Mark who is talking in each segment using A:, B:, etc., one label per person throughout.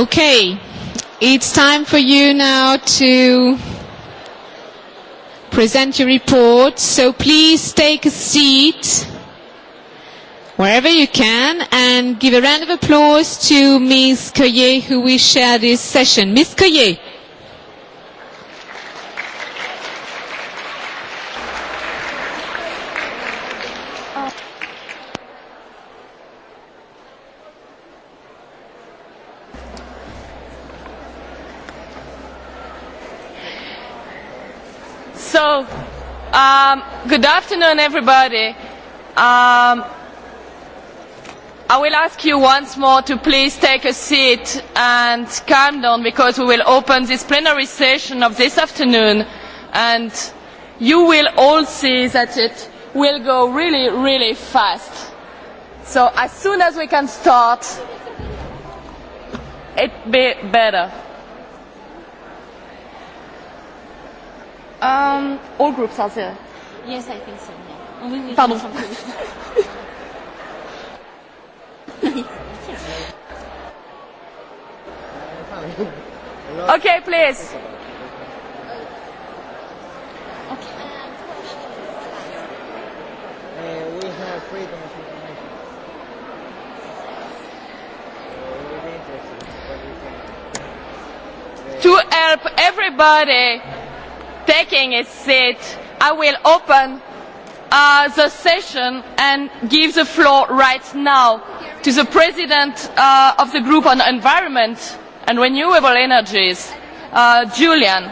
A: Okay, it's time for you now to present your report. So please take a seat wherever you can and give a round of applause to Ms. Coyer who will share this session. Ms. Coyer.
B: Good afternoon, everybody. Um, I will ask you once more to please take a seat and calm down because we will open this plenary session of this afternoon and you will all see that it will go really, really fast. So as soon as we can start, it be better. Um, all groups are there. Yes, I think so. Yeah. Pardon.
C: okay, please.
D: Okay.
E: Uh, we have freedom of information.
B: To help everybody taking a seat. I will open uh, the session and give the floor right now to the President uh, of the Group on Environment and Renewable Energies, uh, Julian.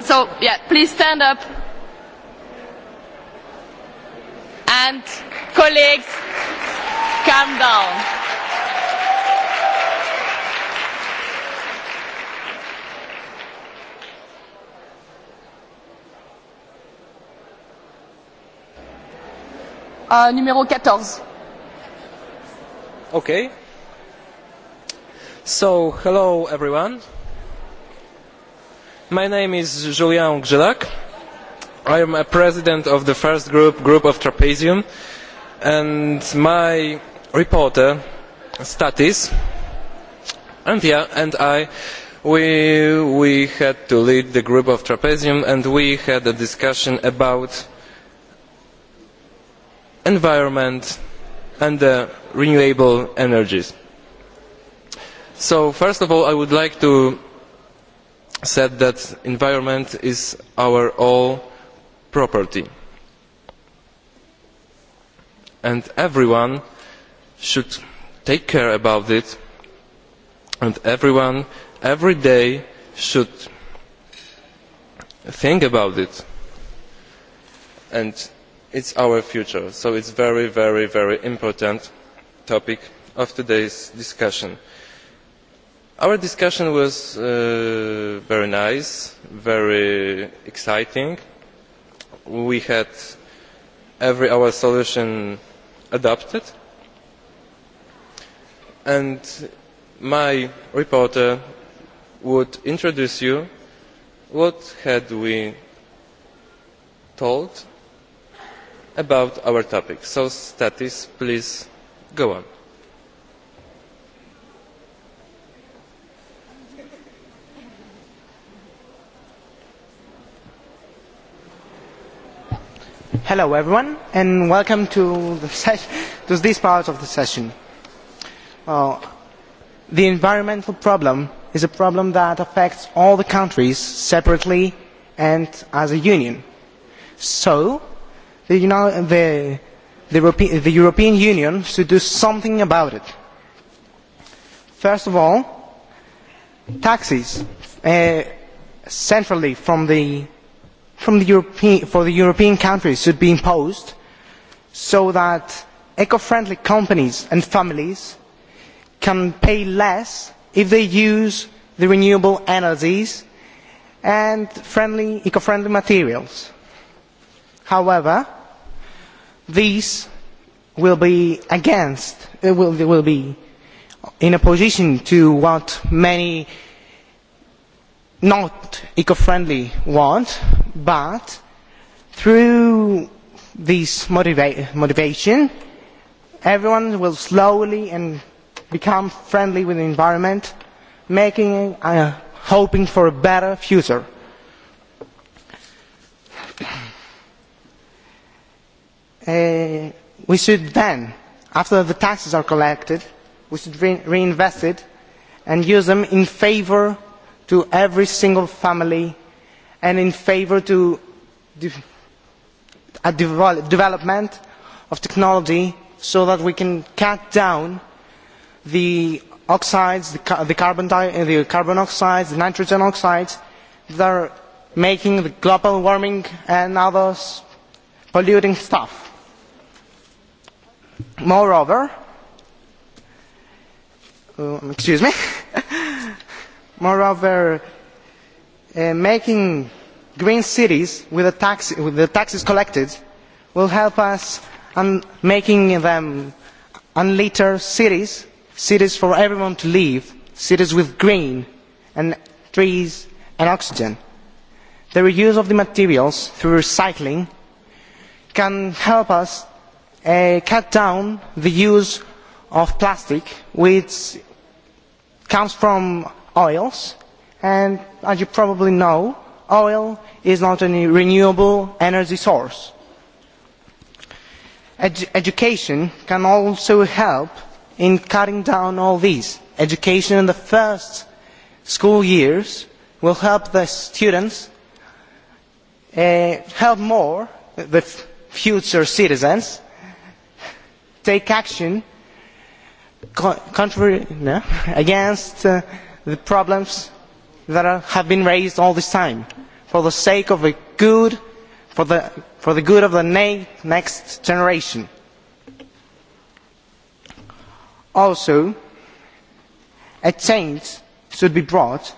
B: So, yeah, please stand up. And colleagues, calm down. euh, numéro 14.
C: Okay. So, hello everyone. My name is Julian Gzielak. I am a president of the first group, Group of Trapezium, and my reporter, Statis, and, yeah, and I, we, we had to lead the Group of Trapezium and we had a discussion about environment and renewable energies. So first of all I would like to say that environment is our all property and everyone should take care about it and everyone every day should think about it and it is our future so it is a very very important topic of today's discussion. our discussion was uh, very nice very exciting. we had every our solution adopted and my reporter would introduce you what had we thought about our topic. so tatis please go on.
F: Hello everyone and welcome to, the to this part of the session. Uh, the environmental problem is a problem that affects all the countries separately and as a union. So the, European Union should do something about it. First of all, taxes uh, centrally from the, from the European, for the European countries should be imposed so that eco-friendly companies and families can pay less if they use the renewable energies and friendly, eco-friendly materials. However, these will be against uh, will, will be in opposition to what many not eco friendly want but through this motiva motivation everyone will slowly and become friendly with the environment making uh, hoping for a better future Uh, we should then, after the taxes are collected, reinvest them and use them in favour of every single family and in favour of the development of technology so that we can cut down the oxides, the, carbon, the oxides, the nitrogen oxides that are making global warming and other polluting stuff. Moreover, um, excuse me, moreover, uh, making green cities with the, tax, with the taxes collected will help us in making them unlitter cities, cities for everyone to live, cities with green and trees and oxygen. The reuse of the materials through recycling can help us cut down the use of plastic which comes from oils and as you probably know oil is not a renewable energy source. education can also help in cutting down all these. Education in the first school years will help the students uh, help more the future citizens take action contrary, no, against uh, the problems that are, have been raised all this time for the sake of a good for the, for the good of the ne next generation. Also, a change should be brought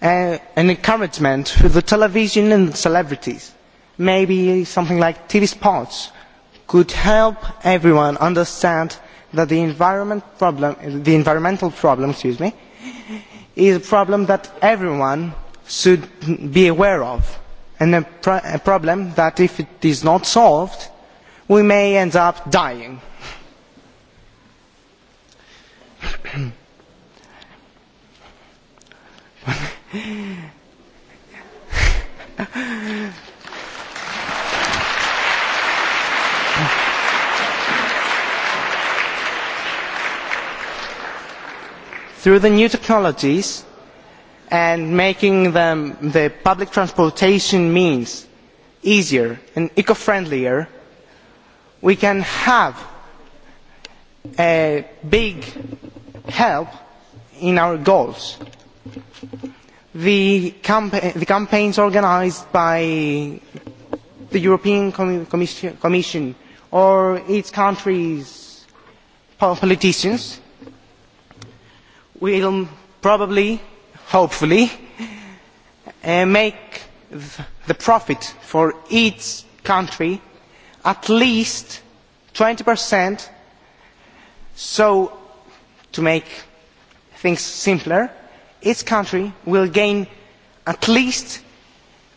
F: uh, an encouragement to the television and celebrities, maybe something like TV spots could help everyone understand that the, environment problem, the environmental problem excuse me, is a problem that everyone should be aware of and a, pro a problem that if it is not solved we may end up dying. through the new technologies and making the public transportation means easier and eco friendlier we can have a big help in our goals. The, campa the campaigns organised by the European Com Commission, Commission or its countries' politicians will probably hopefully uh, make the profit for each country at least 20% so to make things simpler each country will gain at least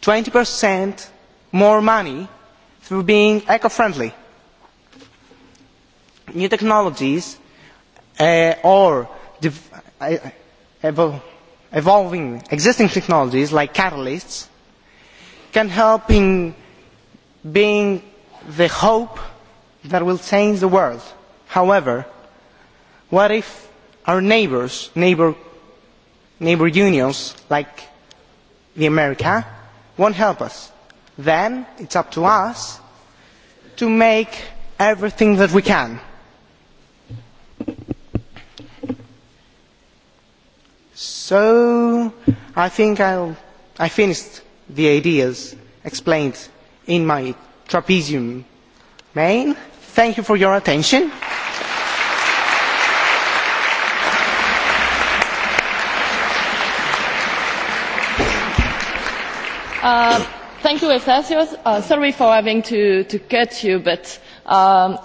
F: 20% more money through being eco-friendly. New technologies uh, or evolving existing technologies like catalysts can help in being the hope that will change the world. However, what if our neighbors, neighbor, neighbor unions like the America, won't help us? Then it's up to us to make everything that we can so i think I'll, have finished the ideas explained in my trapezium main. thank you for your attention.
B: Uh, thank you Eustatius. Uh, sorry for having to, to cut you but um,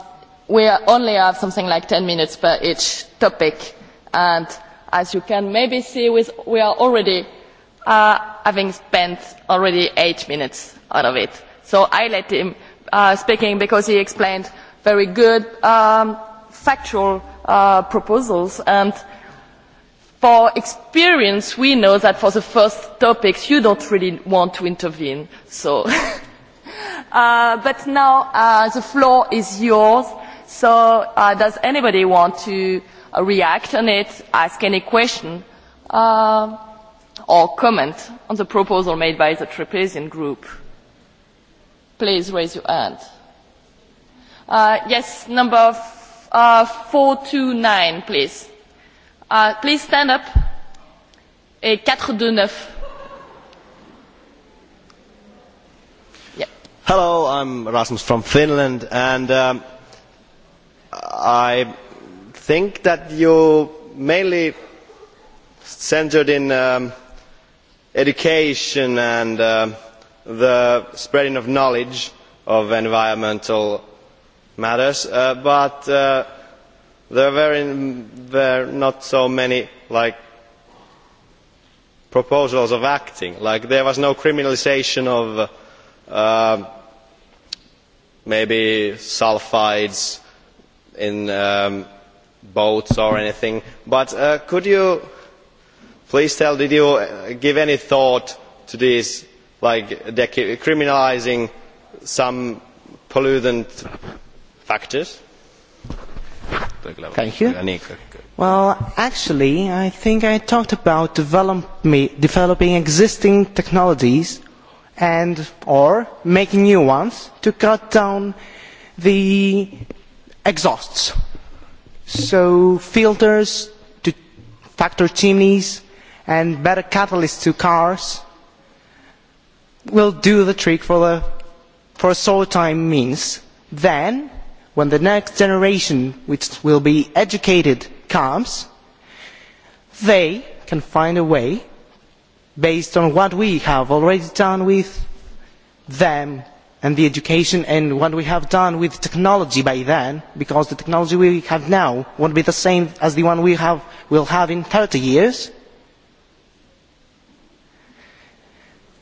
B: we only have something like 10 minutes per each topic and as you can maybe see we are already uh, having spent already eight minutes out of it so i let him uh, speaking because he explained very good um, factual uh, proposals and for experience we know that for the first topics you don't really want to intervene so uh, but now uh, the floor is yours so uh, does anybody want to uh, react on it, ask any question uh, or comment on the proposal made by the Trapezian group. Please raise your hand. Uh, yes, number f- uh, 429, please. Uh, please stand up. Et 429.
G: Yeah. Hello, I'm Rasmus from Finland, and um, I think that you mainly centred in um, education and um, the spreading of knowledge of environmental matters uh, but uh, there were, not so many like proposals of acting like there was no criminalisation of um, maybe sulphides in boats or anything but uh, could you please tell did you uh, give any thought to this like criminalising some pollutant factors?
F: well actually i think i talked about developing existing technologies and or making new ones to cut down the exhausts so filters to factor chimneys and better catalysts to cars will do the trick for the for a short time means then when the next generation which will be educated comes they can find a way based on what we have already done with them and the education and what we have done with technology by then, because the technology we have now won't be the same as the one we have, will have in thirty years.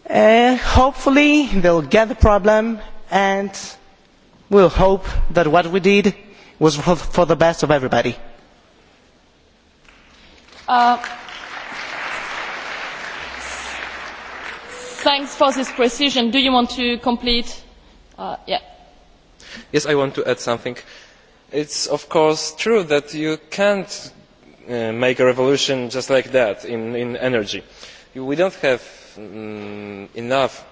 F: Uh, hopefully they'll get the problem and we'll hope that what we did was for, for the best of everybody.
D: Uh,
B: thanks for this precision. Do you want to complete? Uh,
C: yes, I want to add something. it is of course true that you cannot uh, make a revolution just like that in, energy. We do not have mm, enough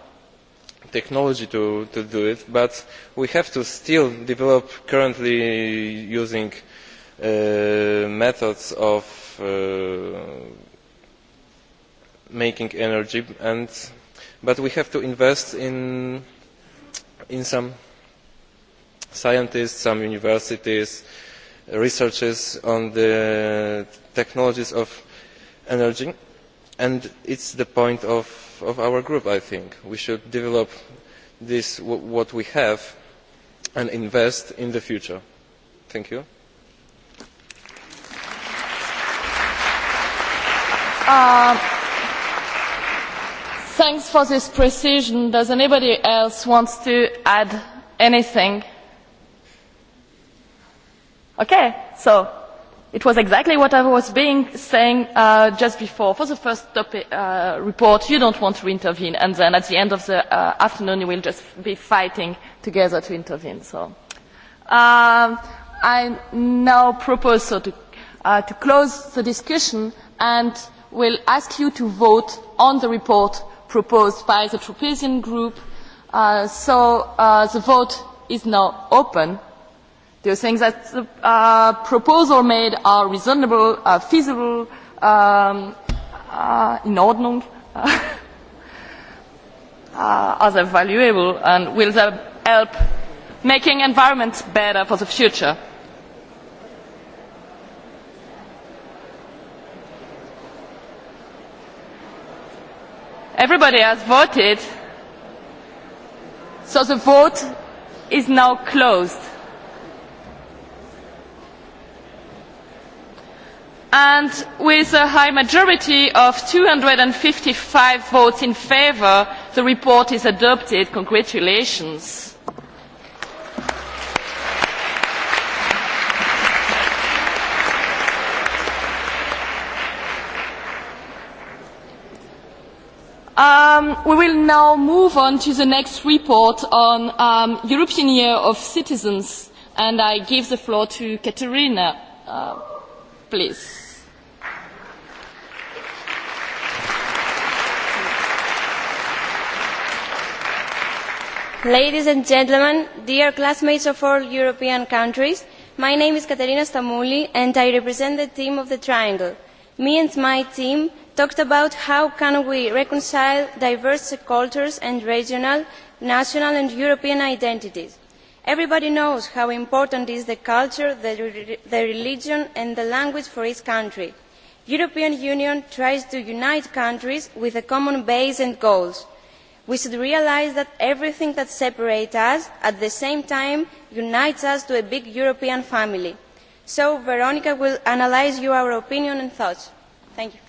C: technology to, do it, but we have to still develop currently used uh, methods of making energy, but we have to invest in in some scientists some universities and researchers on the technologies of energy and it is the point of, our group i think. we should develop this what we have and invest in the future. thank you.
B: Uh, Thanks for this precision. Does anybody else wants to add anything? Okay, so it was exactly what I was being saying uh, just before. For the first topic, uh, report, you don't want to intervene, and then at the end of the uh, afternoon, you will just be fighting together to intervene. So um, I now propose so to, uh, to close the discussion and will ask you to vote on the report proposed by the Tropezian group. Uh, so uh, the vote is now open. Do you think that the uh, proposal made are reasonable, uh, feasible, um, uh, in Ordnung? Uh, are they valuable and will they help making environments better for the future? Everybody has voted. So the vote is now closed. And with a high majority of 255 votes in favour, the report is adopted. Congratulations. Um, we will now move on to the next report on um, European Year of Citizens, and I give the floor to Katerina, uh, please.
H: Ladies and gentlemen, dear classmates of all European countries, my name is Katerina Stamouli and I represent the team of the Triangle. Me and my team talked about how can we reconcile diverse cultures and regional, national and European identities. Everybody knows how important is the culture, the, religion and the language for each country. European Union tries to unite countries with a common base and goals. We should realise that everything that separates us at the same time unites us to a big European family. So Veronica will analyse your opinion and
I: thoughts. Thank you.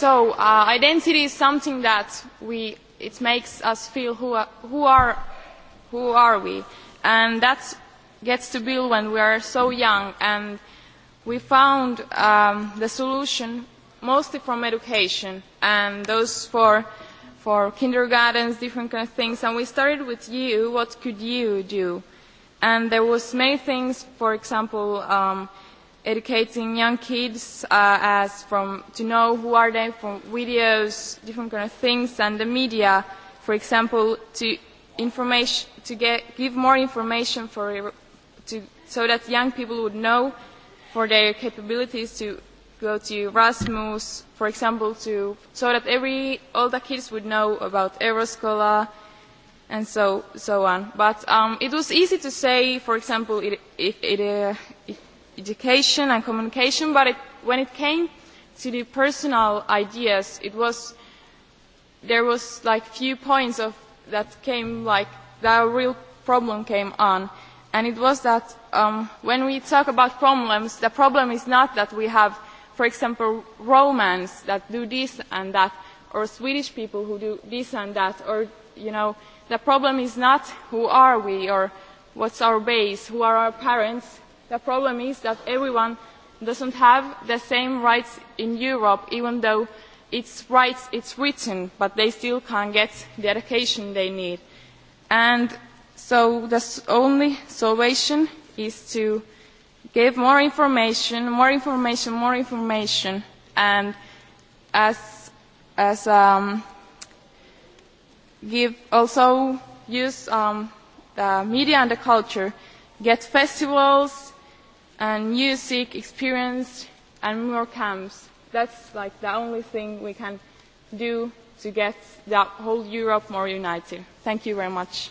I: So uh, identity is something that we, it makes us feel who, are, who, are, who are we. And that gets to build when we are so young. And we found um, the solution mostly from education and those for, for kindergartens, different kind of things. And we started with you, what could you do? And there was many things, for example, um, educating young kids uh, as from to know who are they from videos, different kind of things, and the media, for example, to information to get give more information for to so that young people would know for their capabilities to go to Erasmus, for example, to so that every all the kids would know about Euroscola and so so on. But um, it was easy to say, for example, it, if it. Uh, if education and communication, but when it came to the personal ideas, it was there was like few points of that came like that real problem came on, and it was that um, when we talk about problems, the problem is not that we have, for example, Romans that do this and that, or Swedish people who do this and that, or you know, the problem is not who are we or what's our base, who are our parents The problem is that everyone doesn't have the same rights in Europe, even though it's rights it's written, but they still can't get the education they need. And so the only solution is to give more information, more information, more information, and as as um, give also use um, the media and the culture, get festivals, and music, experience, and more camps. That's like the only thing we can do to get the whole Europe more united. Thank you very much.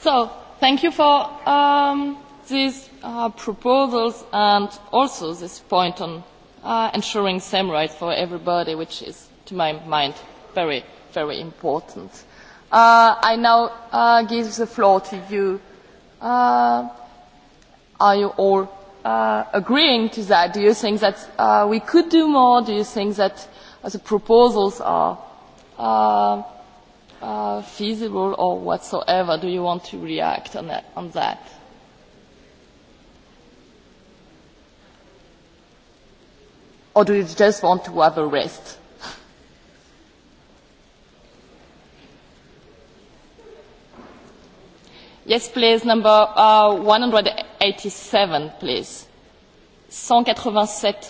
B: So, thank you for um, these uh, proposals and also this point on uh, ensuring same rights for everybody, which is, to my mind, very very important. Uh, I now uh, give the floor to you. Uh, are you all uh, agreeing to that? Do you think that uh, we could do more? Do you think that uh, the proposals are uh, uh, feasible or whatsoever? Do you want to react on that? On that? Or do you just want to have a rest? Yes, please, number uh, 187, please. 187.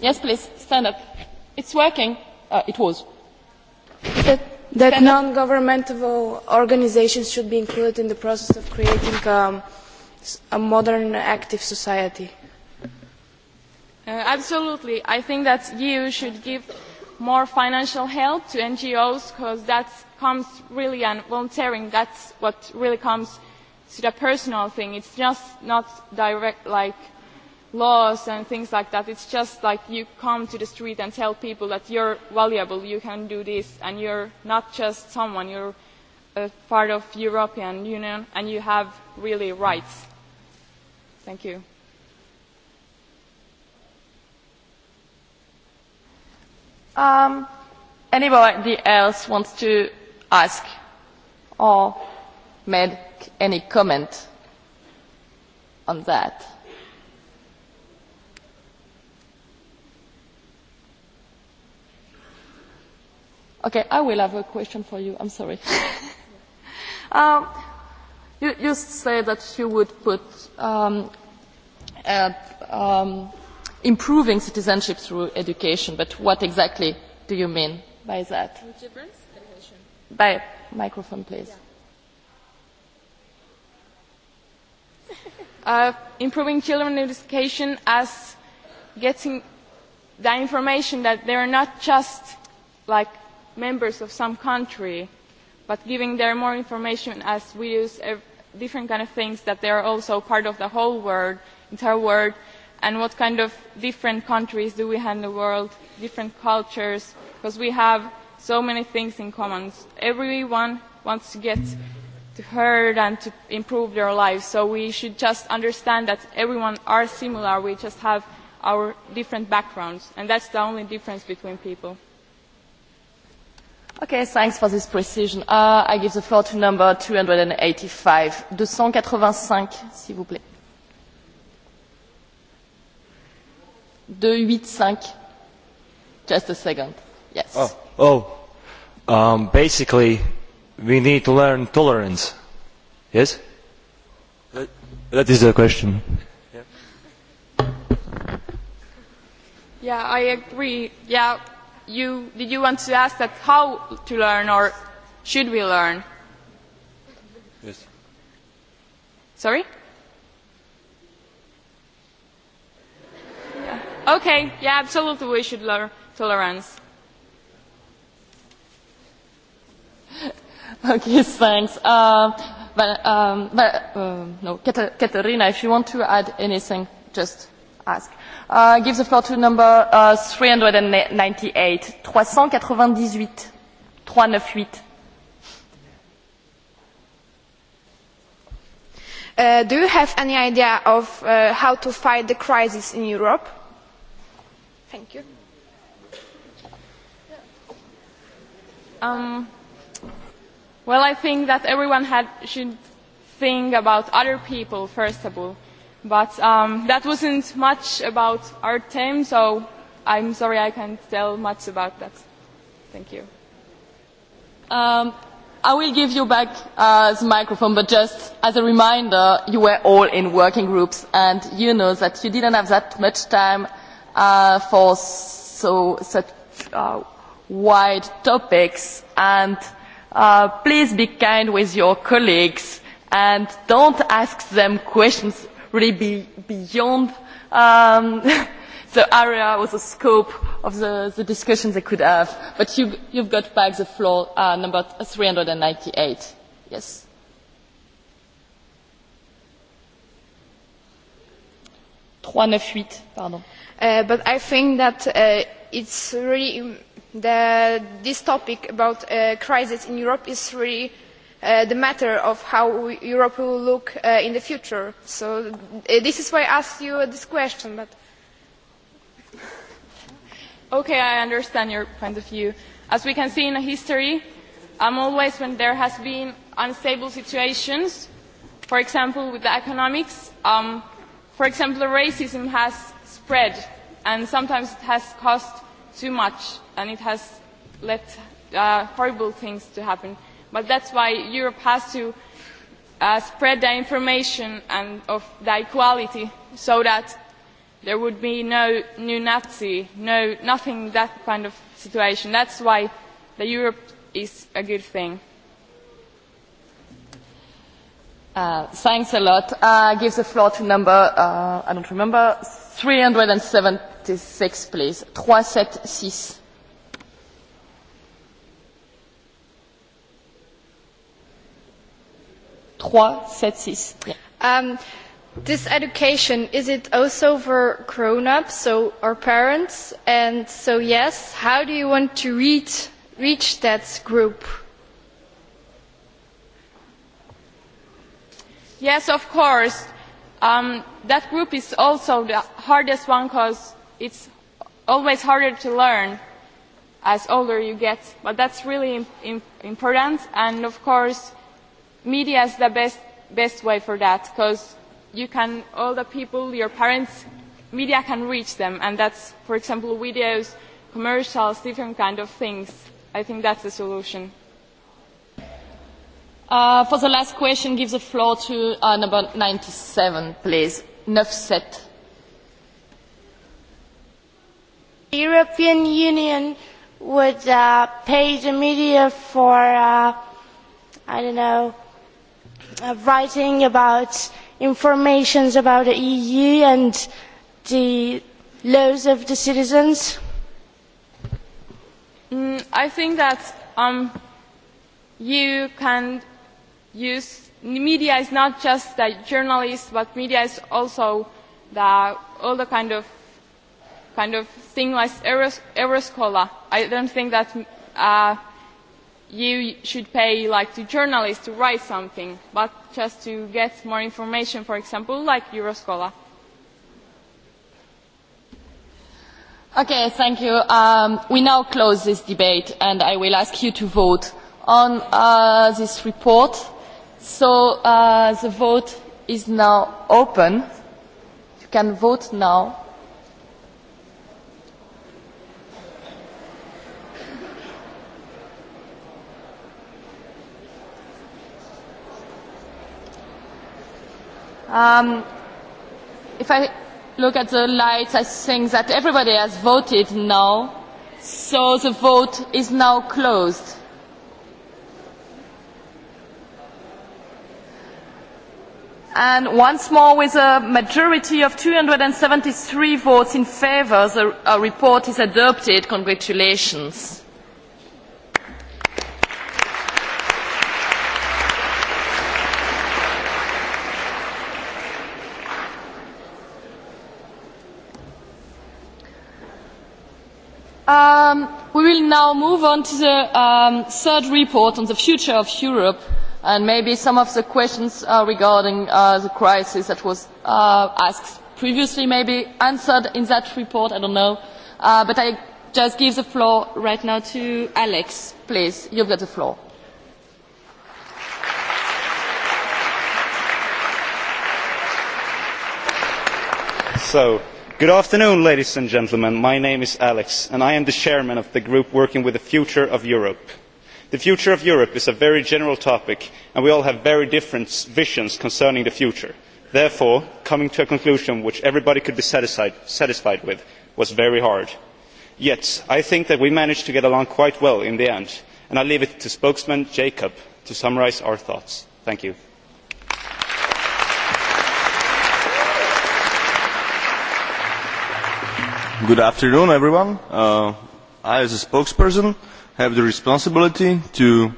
B: Yes, please, stand up. It's working. Uh, it was. That, that
I: non-governmental organizations should be included in the process of creating um, a modern, active society. Uh, absolutely. I think that EU should give more financial help to NGOs because that's comes really and volunteering that's what really comes to the personal thing it's just not direct like laws and things like that it's just like you come to the street and tell people that you're valuable you can do this and you're not just someone you're a part of european union and you have really rights
B: thank you um anybody else wants to ask or make any comment on that. Okay, I will have a question for you. I'm sorry. um, you, you say that you would put um, at, um, improving citizenship through education, but what exactly do you mean by that? Which difference? by microphone, please.
I: Uh, improving children's education as getting the information that they are not just like members of some country, but giving them more information as we use different kind of things that they are also part of the whole world, entire world, and what kind of different countries do we have in the world, different cultures, because we have so many things in common. Everyone wants to get to heard and to improve their lives. So we should just understand that everyone are similar. We just have our different backgrounds, and that's the only difference between people.
B: Okay, thanks for this precision. Uh, I give the floor to number 285. 285, s'il vous plaît. 285. Just a second.
G: Yes. Oh oh, um, basically, we need to learn tolerance. Yes? That, that is the question.
D: Yeah.
I: yeah, I agree. Yeah, you did you want to ask that how to learn or should we learn? Yes. Sorry? Yeah. Okay, yeah, absolutely we should learn tolerance
B: Okay, thanks. Um, but, um, but, uh, no, Katerina, if you want to add anything, just ask. Uh, give the floor to number uh, 398. 398. 398. Uh, do you have any
I: idea of uh, how to fight the crisis in Europe? Thank you. Um, Well, I think that everyone had, should think about other people first of all. But um, that wasn't much about our team, so I'm sorry I can't tell much about that. Thank you.
B: Um, I will give you back uh, the microphone, but just as a reminder, you were all in working groups, and you know that you didn't have that much time uh, for so such uh, wide topics and Uh, please be kind with your colleagues and don't ask them questions really be beyond um, the area or the scope of the, the discussion they could have. But you, you've got back the floor, uh, number 398. Yes.
A: Uh, but I think that uh, it's really mm, the, this topic about uh, crisis in Europe
I: is really uh, the matter of how Europe will look uh, in the future. So uh, this is why I asked you this question. But okay, I understand your point of view. As we can see in history, um, always when there has been unstable situations, for example with the economics, um, for example racism has spread and sometimes it has cost too much and it has let uh, horrible things to happen. But that's why Europe has to uh, spread the information and of the equality so that there would be no new Nazi, no nothing that kind of situation. That's why the Europe is a good thing.
B: Uh, thanks a lot. Uh, I give the floor to number, uh, I don't remember, 307 six please trois sept six trois um, this education is it also for grown ups so our parents and so yes how do you want to reach reach that group
I: yes of course um, that group is also the hardest one because it's always harder to learn as older you get, but that's really important. And of course, media is the best best way for that because you can all the people, your parents, media can reach them, and that's for example videos, commercials, different kind of things. I think that's the solution.
B: Uh, for the last question, give the floor to uh, number 97, please. Neufset European Union would uh, pay the media for, uh,
J: I don't know, uh, writing about informations
I: about the EU and the laws of the citizens? Mm, I think that um, you can use media is not just the journalists, but media is also the, all the kind of kind of thing like Euroscola, I don't think that uh, you should pay like to journalists to write something, but just to get more information, for example, like Euroscola.
B: Okay, thank you. Um, we now close this debate and I will ask you to vote on uh, this report. So uh, the vote is now open. You can vote now. Um, if I look at the lights, I think that everybody has voted now. So the vote is now closed. And once more, with a majority of 273 votes in favour, the report is adopted. Congratulations. Um, we will now move on to the um, third report on the future of Europe and maybe some of the questions uh, regarding uh, the crisis that was uh, asked previously may be answered in that report, I don't know. Uh, but I just give the floor right now to Alex, please. You've got the floor.
K: So, good afternoon ladies and gentlemen my name is alex and i am the chair of the group working with the future of europe. the future of europe is a very general topic and we all have very different visions concerning the future. therefore coming to a conclusion which everybody could be satisfied with was very hard. yet i think that we managed to get along quite well in the end and i leave it to spokesman jacob to summarise our thoughts. thank you.
G: Good afternoon, everyone. Uh, I, as a spokesperson, have the responsibility to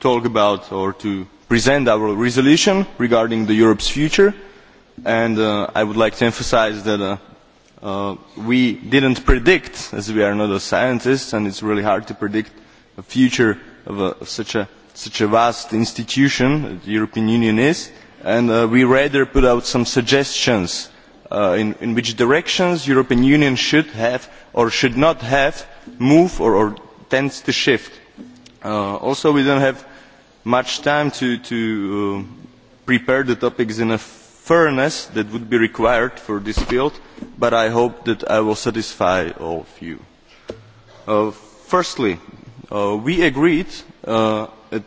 G: talk about or to present our resolution regarding the Europe's future. And uh, I would like to emphasize that uh, uh, we didn't predict, as we are not a scientist, and it's really hard to predict the future of, a, of such, a, such a vast institution that the European Union is. And uh, we rather put out some suggestions Uh, in, in which directions the European Union should have or should not have moved or, or tends to shift. Uh, also, we don't have much time to, to uh, prepare the topics in a fairness that would be required for this field, but I hope that I will satisfy all of you. Uh, firstly, uh, we agreed uh, at,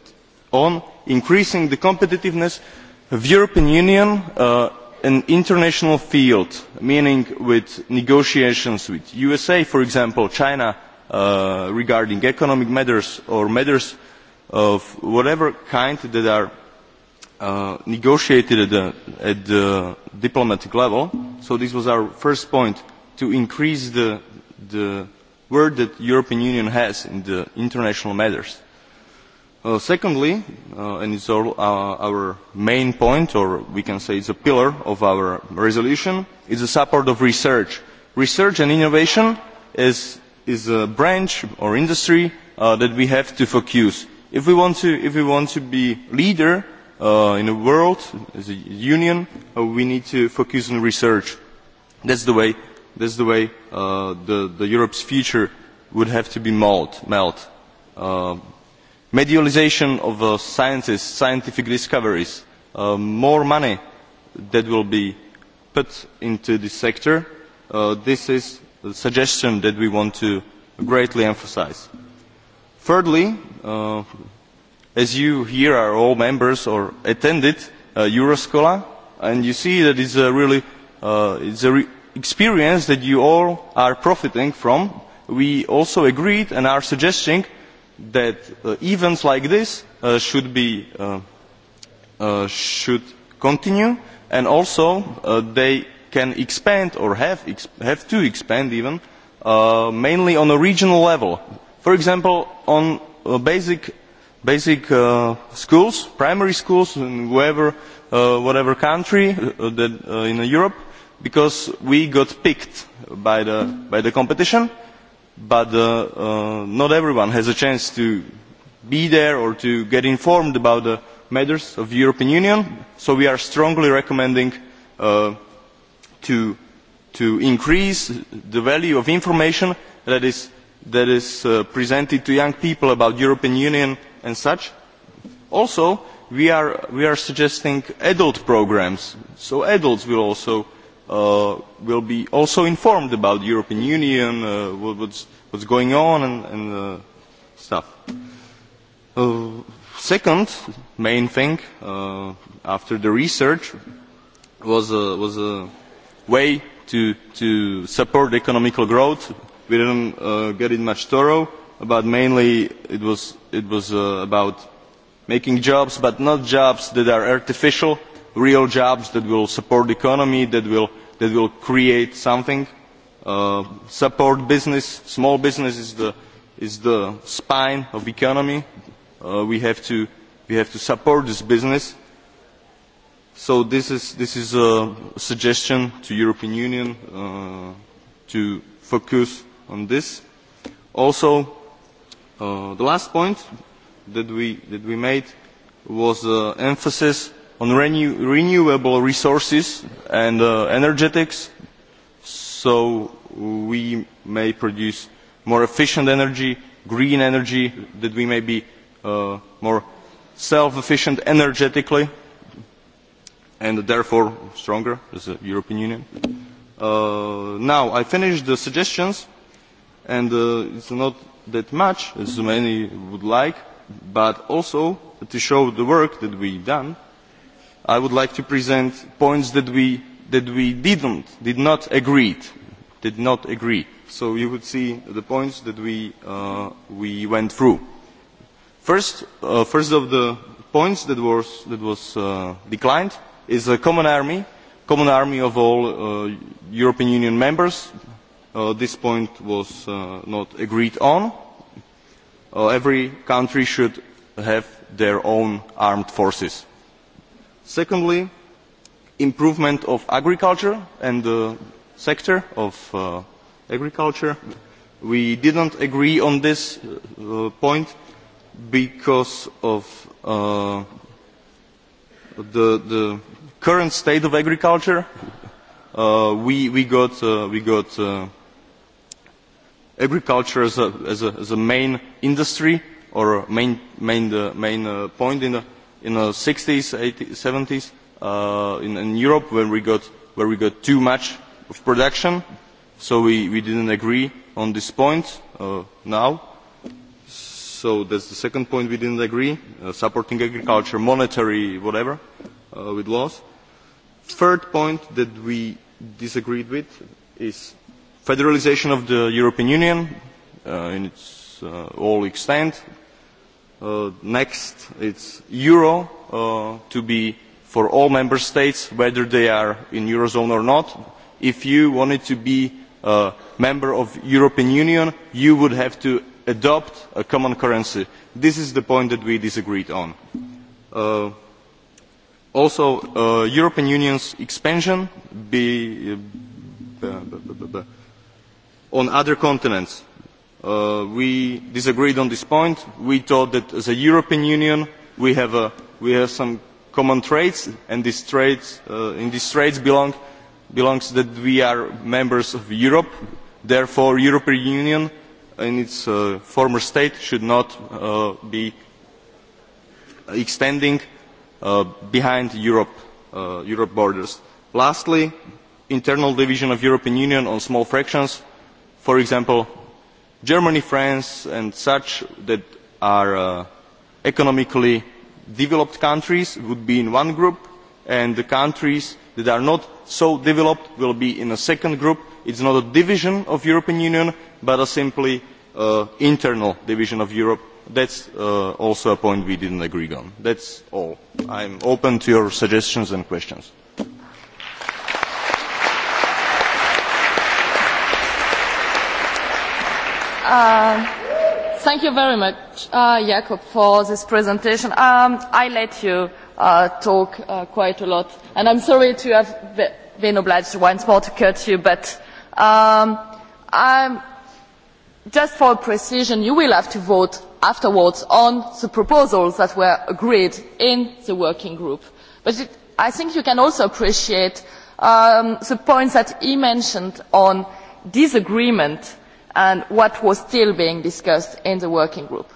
G: on increasing the competitiveness of the European Union uh, an international field, meaning with negotiations with USA, for example, China, uh, regarding economic matters or matters of whatever kind that are uh, negotiated at the, diplomatic level. So this was our first point, to increase the, the word that European Union has in the international matters Uh, secondly, uh, and it's all, uh, our main point, or we can say it's a pillar of our resolution, is the support of research. Research and innovation is, is a branch or industry uh, that we have to focus. If we want to, if we want to be leader uh, in the world, as a union, uh, we need to focus on research. That's the way, that's the, way uh, the, the Europe's future would have to be mold, melt melt. Uh, medialisation of uh, sciences, scientific discoveries, uh, more money that will be put into this sector, uh, this is a suggestion that we want to greatly emphasise. Thirdly, uh, as you here are all members or attended uh, Euroscola, and you see that it's a really uh, it's a re experience that you all are profiting from. We also agreed and are suggesting that uh, events like this uh, should be uh, should continue and also they can expand or have have to expand even mainly on a regional level for example on basic basic schools primary schools in whoever whatever country in Europe because we got picked by the by the competition uh, but uh, uh, not everyone has a chance to be there or to get informed about the matters of the European Union, so we are strongly recommending uh, to, to increase the value of information that is, that is uh, presented to young people about the European Union and such. Also, we are, we are suggesting adult programs, so adults will also Uh, will be also informed about the European Union, uh, what, what's, going on and, uh, stuff. second main thing after the research was a, was a way to, to support economical growth. We didn't uh, get it much thorough, but mainly it was, it was uh, about making jobs, but not jobs that are artificial, real jobs that will support the economy that will, that will create something uh, support business small business is the, is the spine of the economy uh, we, have to, we have to support this business so this is, this is a suggestion to the european union uh, to focus on this. also uh, the last point that we, that we made was uh, emphasis on renew renewable resources and uh, energetics so we may produce more efficient energy, green energy, that we may be uh, more self-efficient energetically and therefore stronger as a European Union. Uh, now, I finished the suggestions and uh, it's not that much as many would like, but also to show the work that we've done I would like to present points that we, did not agree, on So you would see the points that we, uh, went through. First, uh, first of the points that was, uh, declined is a common army, common army of all European Union members. this point was not agreed on. every country should have their own armed forces secondly improvement of agriculture and the sector of uh, agriculture. We didn't agree on this uh, point because of uh, the, the current state of agriculture. Uh, we, we got, uh, we got uh, agriculture as a, as, a, as a main industry or main, main, uh, main uh, point in the in the 60s, 80s, 70s uh, in, in Europe when we got, where we got too much of production, so we, we didn't agree on this point uh, now. So that's the second point we didn't agree, uh, supporting agriculture, monetary, whatever, uh, with laws. Third point that we disagreed with is federalization of the European Union uh, in its uh, all extent, Uh, next it's euro uh, to be for all member states whether they are in eurozone or not if you wanted to be a member of european union you would have to adopt a common currency this is the point that we disagreed on uh, also uh, european union's expansion be, uh, on other continents Uh, we disagreed on this point. we thought that as a european union we have, some common traits and these traits, uh, in these traits belong belongs that we are members of europe therefore the european union in its uh, former state should not be extending behind europe, borders. lastly internal division of the european union on small fractions for example germany france and such that are uh, economically developed countries would be in one group and the countries that are not so developed will be in a second group. it is not a division of the european union but a simply uh, internal division of europe. that is uh, also a point we did not agree on. that is all. i am open to your suggestions and questions.
B: Uh, thank you very much, uh, Jakob, for this presentation. Um, I let you uh, talk uh, quite a lot, and I'm sorry to have been obliged once more to cut you, but um, I'm, just for precision, you will have to vote afterwards on the proposals that were agreed in the working group. But it, I think you can also appreciate um, the points that he mentioned on disagreement and what was still being discussed in the working group.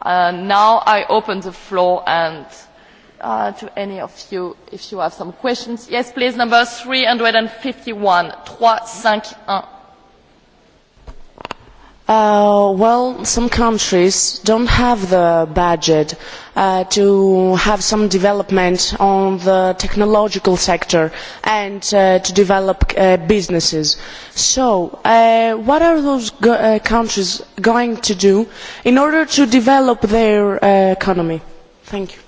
B: Uh, now I open the floor and uh, to any of you if you have some questions. Yes, please, number 351. 351.
F: Uh, well, some countries don't have the budget uh, to have some development on the technological sector and uh, to develop uh, businesses. So, uh, what are those go uh, countries going to do in order to develop their economy? Thank you.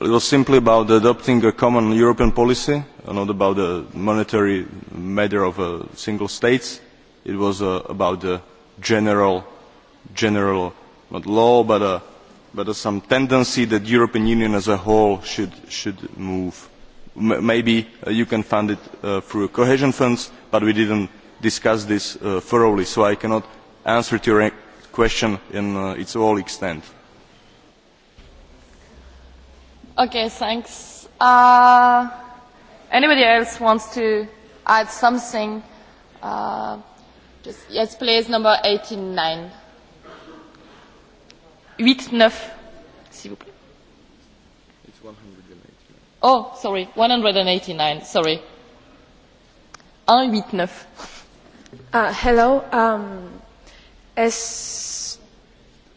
G: Well, it was simply about adopting a common European policy, not about the monetary matter of single states It was uh, about the general, general, not law, but, uh, but uh, some tendency that European Union as a whole should, should move. M maybe uh, you can fund it uh, through cohesion funds, but we didn't discuss this uh, thoroughly, so I cannot answer to your e, question in uh, its all extent.
B: Okay, thanks. Uh, anybody else wants to add something? Uh, Yes, please, number 89. 8, 9, s'il vous
D: plaît. It's 189.
B: Oh, sorry, 189, sorry. 189. Uh, hello, um,
I: es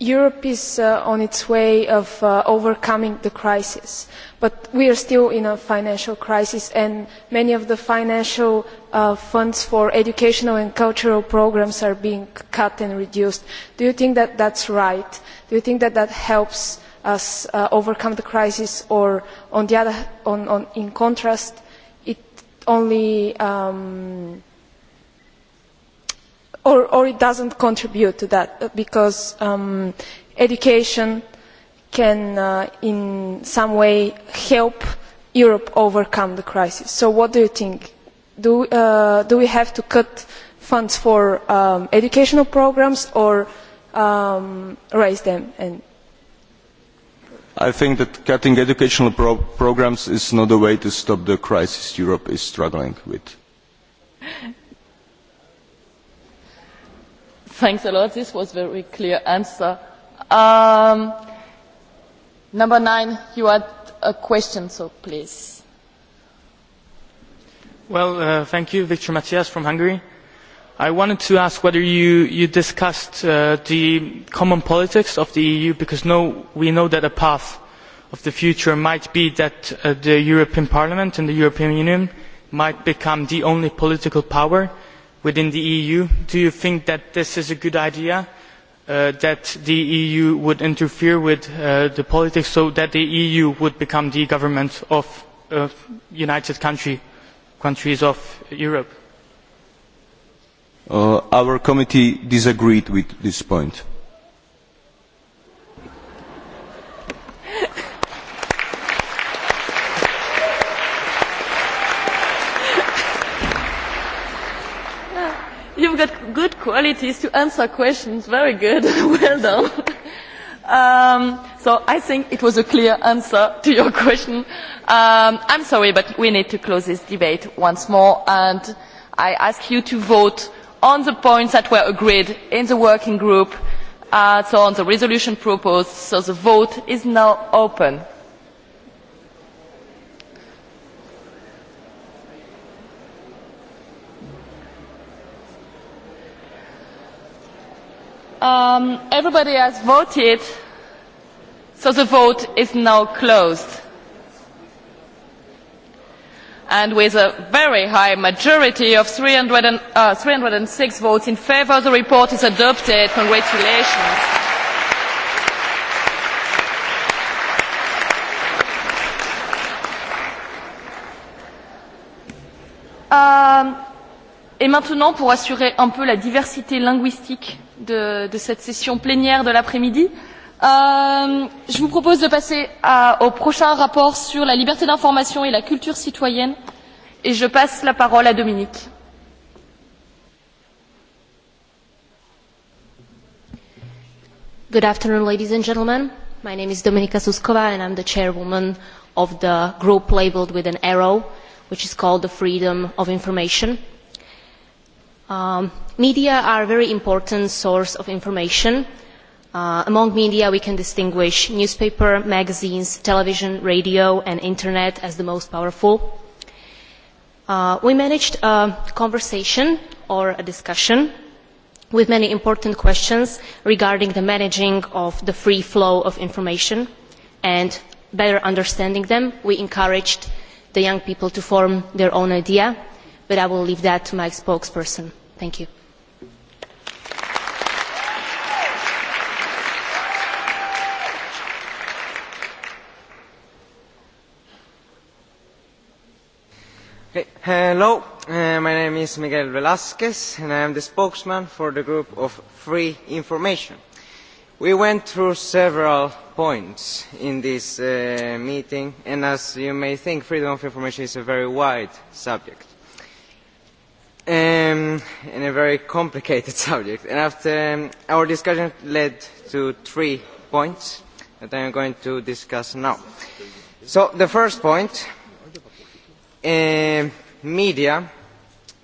I: Europe is uh, on its way of uh, overcoming the crisis, but we are still in a financial crisis and many of the financial uh, funds for educational and cultural programmes are being cut and reduced. Do you think that that's right? Do you think that that helps us overcome the crisis or on the other, in contrast, it only um, or, it it doesn't contribute to that uh, because um, education can uh, in some way help Europe overcome the crisis. So what do you think? Do, uh, we have to cut funds for um, educational programs or um, raise them?
G: I think that cutting educational programmes programs is not the way to stop the crisis Europe is struggling with.
B: Thanks a lot. This was a very clear answer. Um, number nine, you had a question, so please.
K: Well, uh, thank you, Victor Matias from Hungary. I wanted to ask whether you, you discussed uh, the common politics of the EU, because no, we know that a path of the future might be that uh, the European Parliament and the European Union might become the only political power within the eu do you think that this is a good idea uh, that the eu would interfere with uh, the politics so that the eu would become the government of the united country, countries of europe?
G: Uh, our committee disagreed with this point
B: got good qualities to answer questions. Very good. well done. Um, so I think it was a clear answer to your question. Um, I'm sorry, but we need to close this debate once more, and I ask you to vote on the points that were agreed in the working group, uh, so on the resolution proposed. So the vote is now open. Um, everybody has voted, so the vote is now closed. And with a very high majority of 300 and, uh, 306 votes in favour, the report is adopted. Congratulations. Um, et maintenant, pour assurer un peu la diversité linguistique de, de cette session plénière de l'après-midi, euh, je vous propose de passer à, au prochain rapport sur la liberté d'information et la culture citoyenne. Et je
L: passe la parole à Dominique. Good afternoon, ladies and gentlemen. My name is Dominika Suskova, and I'm the chairwoman of the group labeled with an arrow, which is called the Freedom of Information Um, media are a very important source of information. Uh, among media, we can distinguish newspaper, magazines, television, radio, and internet as the most powerful. Uh, we managed a conversation or a discussion with many important questions regarding the managing of the free flow of information and better understanding them. We encouraged the young people to form their own idea, but I will leave that to my spokesperson. Thank you.
E: Hello, uh, my name is Miguel Velasquez and I am the spokesman for the group of Free Information. We went through several points in this uh, meeting and as you may think, freedom of information is a very wide subject um, in a very complicated subject. And after um, our discussion led to three points that I am going to discuss now. So the first point, uh, media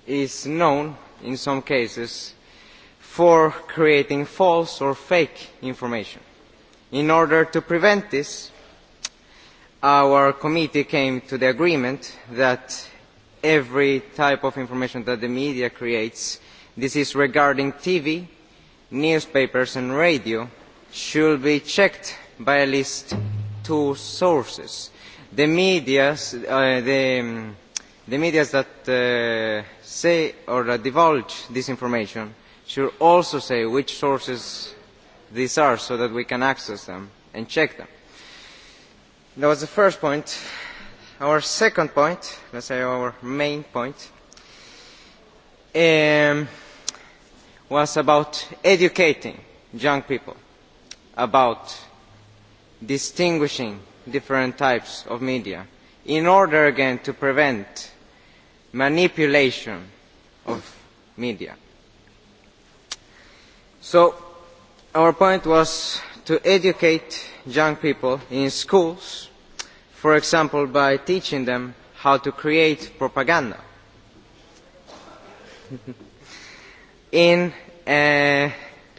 E: is known in some cases for creating false or fake information. In order to prevent this, our committee came to the agreement that every type of information that the media creates. This is regarding TV, newspapers and radio should be checked by at least two sources. The media uh, the, um, the that uh, say or that divulge this information should also say which sources these are so that we can access them and check them. That was the first point our second point, let's say our main point, um, was about educating young people about distinguishing different types of media in order again to prevent manipulation of media. So our point was to educate young people in schools for example by teaching them how to create propaganda. in a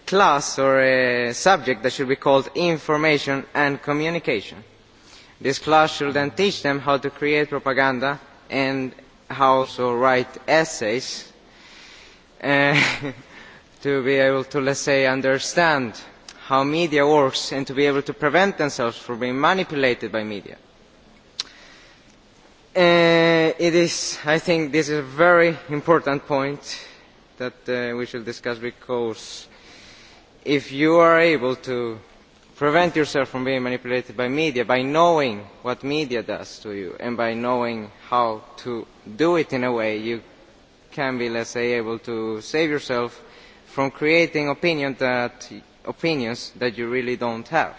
E: class or a subject that should be called information and communication. This class should then teach them how to create propaganda and how to write essays uh, to be able to, let's say, understand how media works and to be able to prevent themselves from being manipulated by media. Uh, I think this is a very important point that uh, we should discuss because if you are able to prevent yourself from being manipulated by media by knowing what media does to you and by knowing how to do it in a way you can be, let's say, able to save yourself from creating opinion that, opinions that you really don't have,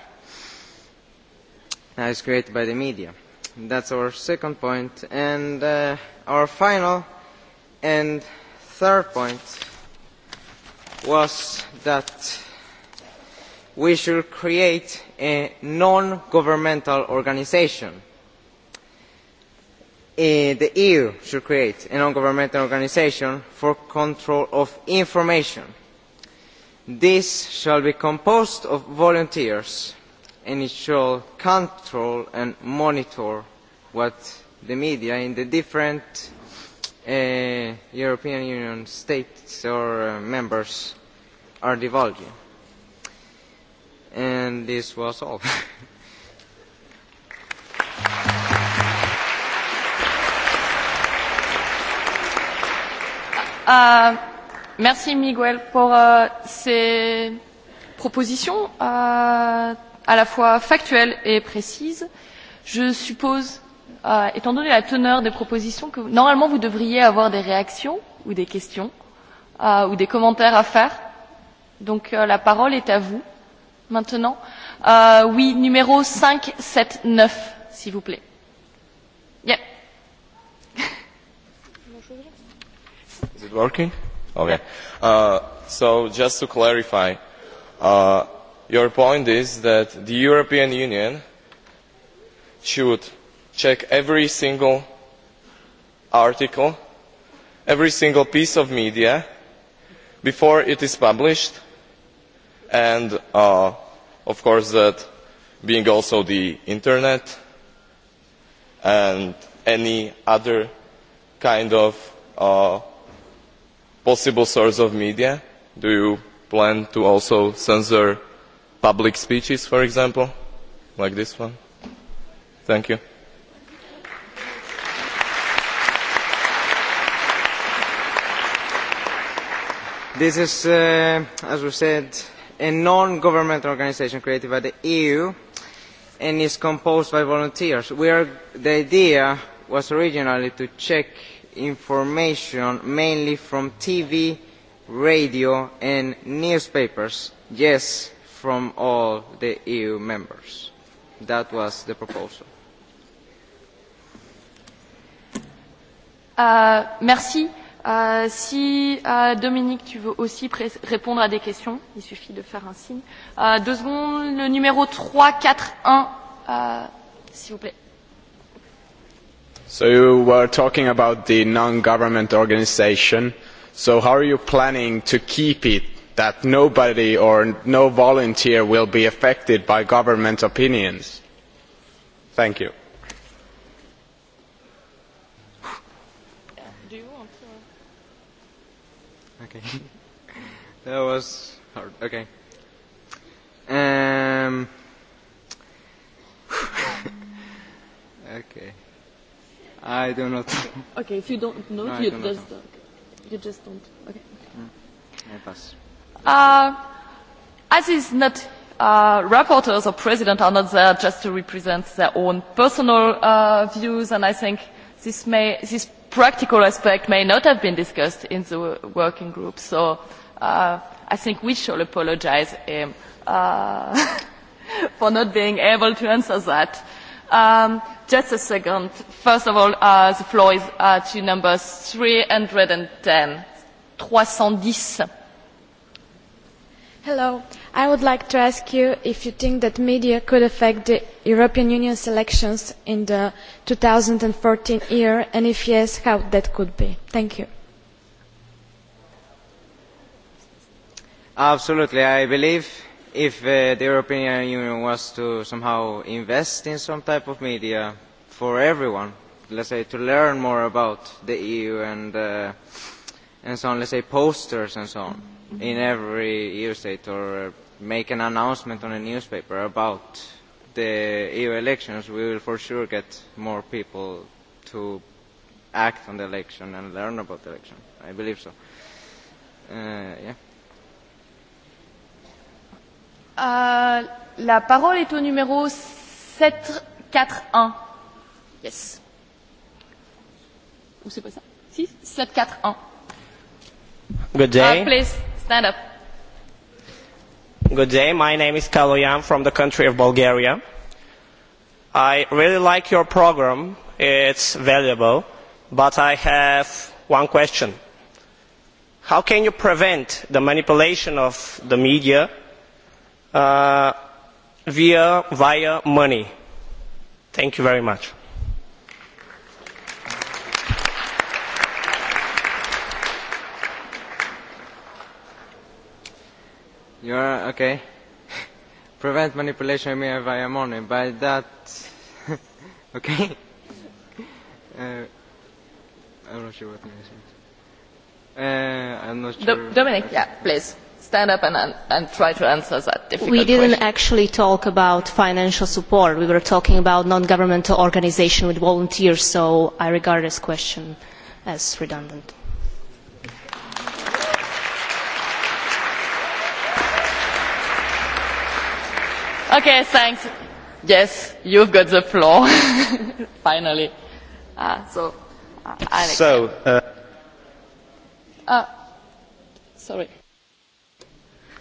E: as created by the media. That's our second point. And uh, our final and third point was that we should create a non-governmental organisation. The EU should create a non-governmental organisation for control of information. This shall be composed of volunteers initial control and monitor what the media in the different uh, European Union states or uh, members are divulging. And this was all.
B: Uh, merci Miguel pour uh, ces propositions. Uh, à la fois factuelle et précise. Je suppose, euh, étant donné la teneur des propositions, que normalement vous devriez avoir des réactions ou des questions euh, ou des commentaires à faire. Donc euh, la parole est à vous maintenant. Euh, oui, numéro neuf s'il vous plaît.
G: Is it working? Uh, so just to clarify, uh, your point is that the european union should check every single article every single piece of media before it is published and uh, of course that being also the internet and any other kind of uh, possible source of media do you plan
C: to also censor public speeches for example like this one. thank you.
E: this is uh, as we said a non governmental organisation created by the eu and is composed by volunteers. We are, the idea was originally to check information mainly from tv radio and newspapers yes from all the EU members. That was the proposal.
B: Uh, merci. Uh, si uh, Dominique, tu veux aussi répondre à des questions, il suffit de faire un signe. Uh, deux secondes, le numéro 341, uh, s'il vous plaît.
F: So you were talking about the non-government organization. So how are you planning to keep it that nobody or no volunteer will be affected by government opinions?
G: Thank you. Do you want to? Okay. that was
E: hard. Okay. Um. okay. I do not.
B: okay, if you don't know, no, you, do just, not. you just don't.
D: Okay. Mm, I pass.
B: Uh, as is not uh, rapporteurs or president are not there just to represent their own personal uh, views, and I think this, may, this practical aspect may not have been discussed in the working group. So uh, I think we should apologise um, uh, for not being able to answer that. Um, just a second. First of all, uh, the floor is uh, to number 310. 310.
H: Hello. I would like to ask you if you think that media could affect the European Union's elections in the 2014 year, and if yes, how that could be. Thank you.
E: Absolutely. I believe if uh, the European Union was to somehow invest in some type of media for everyone, let's say to learn more about the EU and, uh, and so on, let's say posters and so on. Mm -hmm in every EU state or uh, make an announcement on a newspaper about the EU elections, we will for sure get more people to act on the election and learn about the election. I believe so. Uh, yeah.
B: Uh, la parole est au numéro 741. Yes. Ou c'est pas ça? Si, 741. Good day. Uh, please Stand up.
M: Good day. My name is Kaloyan from the country of Bulgaria. I really like your program. It's valuable. But I have one question. How can you prevent the manipulation of the media uh, via, via money? Thank you very much.
E: You are okay. Prevent manipulation of via money. By that, okay. Uh, uh, I'm not sure what means.
B: Uh, I'm not sure. Dominic, yeah, please stand up and, and try to answer that difficult We didn't question.
L: actually talk about financial support. We were talking about non-governmental organization with volunteers, so I regard this question as redundant.
B: Okay, thanks. Yes, you've got the floor. Finally. Uh, so,
D: uh, Alex. So, uh,
B: uh, sorry.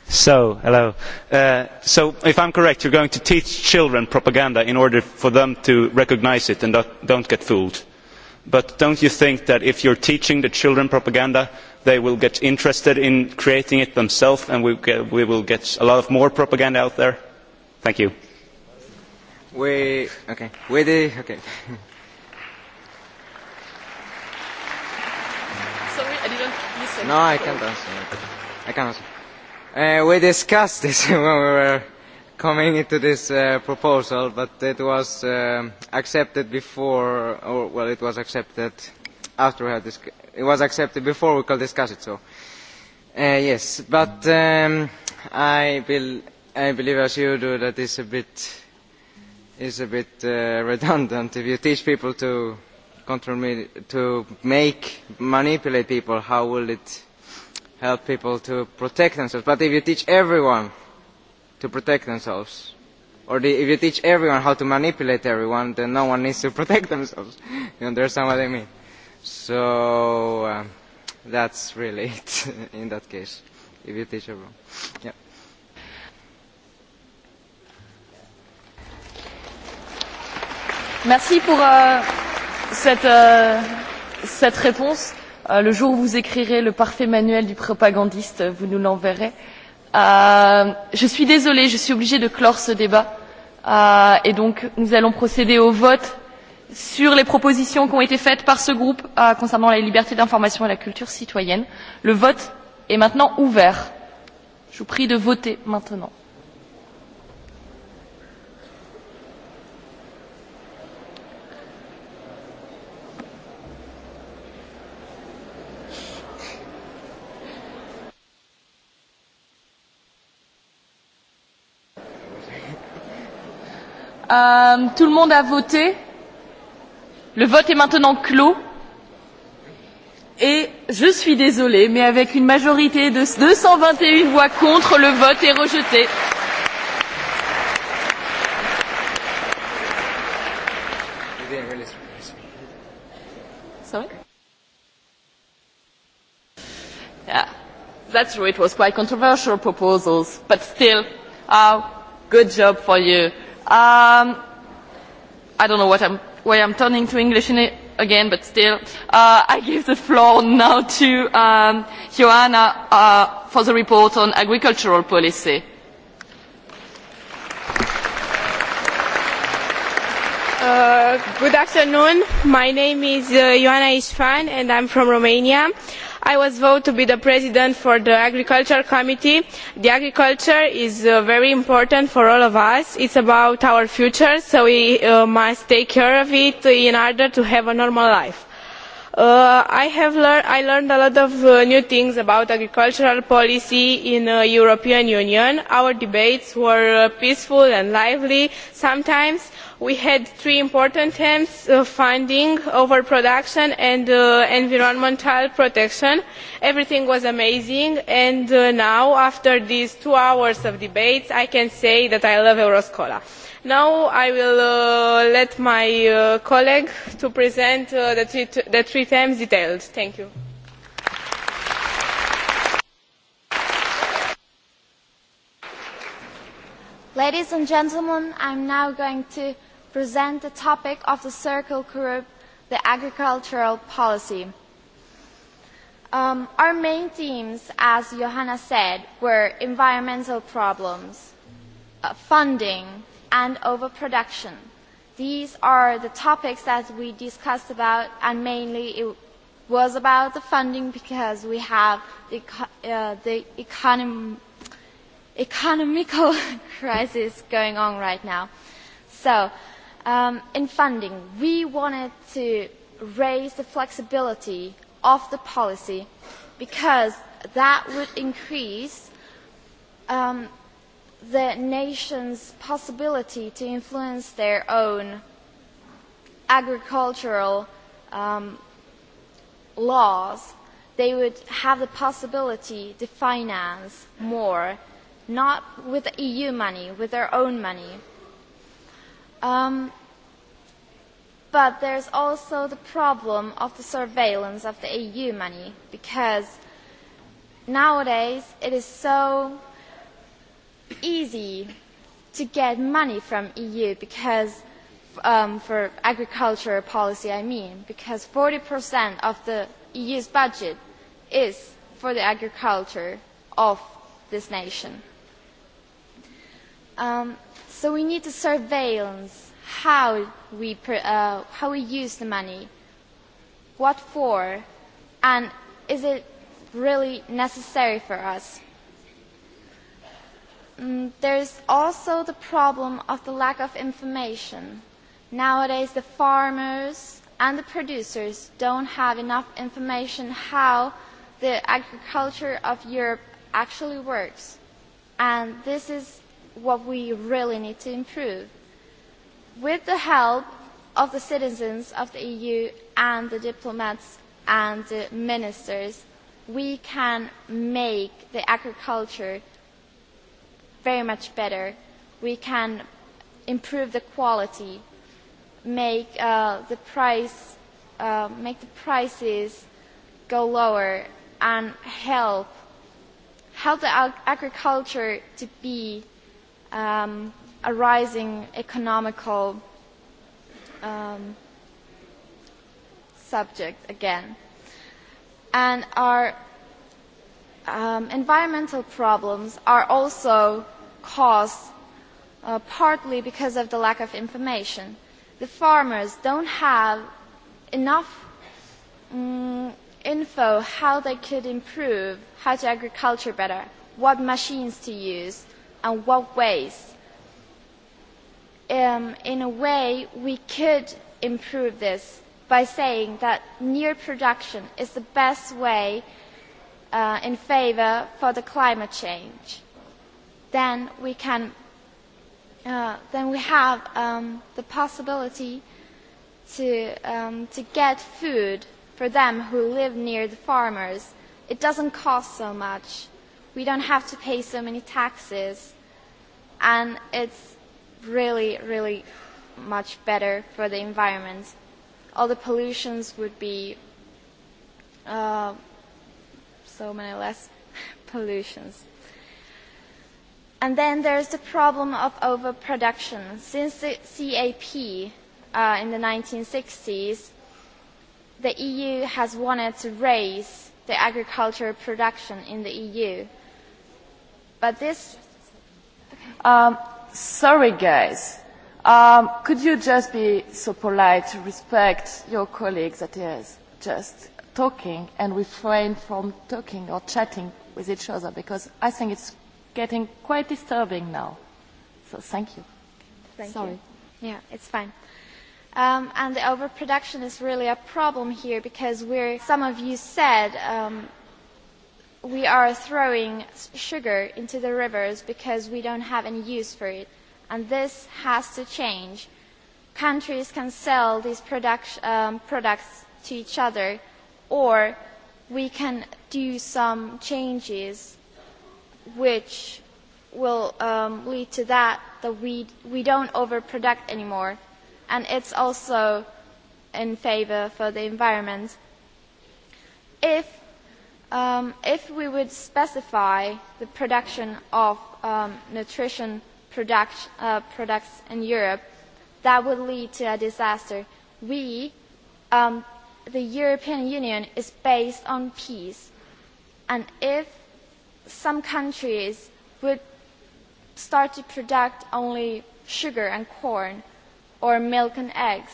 K: So, hello. Uh, so, if I'm correct, you're going to teach children propaganda in order for them to recognize it and not, don't get fooled. But don't you think that if you're teaching the children propaganda, they will get interested in creating it themselves and we, get, we will get a lot of more propaganda out there? Thank you.
E: We, okay. We did, okay.
B: Sorry, I didn't listen. No, I can't answer.
E: I can't answer. Uh, we discussed this when we were coming into this uh, proposal, but it was um, accepted before, or well, it was accepted after we had this. It was accepted before we could discuss it. So, uh, yes, but um, I will I believe, as you do, that it's a bit, it's a bit uh, redundant. If you teach people to control, to make, manipulate people, how will it help people to protect themselves? But if you teach everyone to protect themselves, or the, if you teach everyone how to manipulate everyone, then no one needs to protect themselves. you understand what I mean? So um, that's really it in that case, if you teach everyone. Yeah.
B: Merci pour euh, cette, euh, cette réponse. Euh, le jour où vous écrirez le parfait manuel du propagandiste, vous nous l'enverrez. Euh, je suis désolée, je suis obligée de clore ce débat. Euh, et donc, nous allons procéder au vote sur les propositions qui ont été faites par ce groupe euh, concernant la liberté d'information et la culture citoyenne. Le vote est maintenant ouvert. Je vous prie de voter maintenant. Euh, tout le monde a voté. Le vote est maintenant clos. Et je suis désolée, mais avec une majorité de 221 voix contre, le vote est rejeté. that's true. It was quite controversial proposals, but still, oh, good job for you. Um, I don't know what I'm, why I'm turning to English in it again, but still, uh, I give the floor now to um, Joanna uh, for the report on agricultural policy.
I: Uh, good afternoon. My name is uh, Ioana Isfan and I'm from Romania. Uh, i was voted to be the president for the agriculture committee. agriculture is uh, very important for all of us it is about our future so we uh, must take care of it in order to have a normal life. Uh, i learned a lot of new things about agricultural policy in the european union. our debates were peaceful and lively sometimes we had three important themes uh, funding overproduction and uh, environmental protection. everything was amazing and uh, now after these two hours of debates i can say that i love euroscola. now i will uh, let my uh, colleague to present uh, the three, the three themes detailed. thank you.
J: Ladies and gentlemen, I'm now going to present the topic of the circle group, the agricultural policy. Um, our main themes, as Johanna said, were environmental problems, uh, funding, and overproduction. These are the topics that we discussed about, and mainly it was about the funding because we have the, uh, the econom economical crisis going on right now. So Um, in funding, we wanted to raise the flexibility of the policy because that would increase um, the nation's possibility to influence their own agricultural um, laws. They would have the possibility to finance more, not with EU money, with their own money Um, but there's also the problem of the surveillance of the EU money because nowadays it is so easy to get money from EU because um, for agriculture policy I mean because 40% of the EU's budget is for the agriculture of this nation. Um, So we need to surveillance how we, uh, how we use the money, what for, and is it really necessary for us? Mm, there's also the problem of the lack of information. Nowadays, the farmers and the producers don't have enough information how the agriculture of Europe actually works. And this is what we really need to improve. With the help of the citizens of the EU and the diplomats and the ministers, we can make the agriculture very much better. We can improve the quality, make uh, the price, uh, make the prices go lower, and help help the ag- agriculture to be um, a rising economical um, subject again. And our um, environmental problems are also caused uh, partly because of the lack of information. The farmers don't have enough um, info how they could improve, how to agriculture better, what machines to use, and what ways. Um, in a way, we could improve this by saying that near production is the best way uh, in favour for the climate change. Then we can, uh, then we have um, the possibility to um, to get food for them who live near the farmers. It doesn't cost so much we don't have to pay so many taxes and it's really really much better for the environment all the pollutions would be uh, so many less pollutions and then there's the problem of overproduction since the cap uh, in the 1960s the eu has wanted to raise the agricultural production in the eu But this.
B: Um, sorry, guys. Um, could you just be so polite to respect your colleagues that is just talking and refrain from talking or chatting with each other because I think it's getting quite disturbing now. So thank you.
J: Thank sorry. You. Yeah, it's fine. Um, and the overproduction is really a problem here because we're, some of you said, um, we are throwing sugar into the rivers because we don't have any use for it. And this has to change. Countries can sell these product, um, products to each other or we can do some changes which will um, lead to that, that we, we don't overproduct anymore. And it's also in favor for the environment. If Um, if we would specify the production of um, nutrition product, uh, products in Europe, that would lead to a disaster. We, um, the European Union, is based on peace. And if some countries would start to product only sugar and corn or milk and eggs,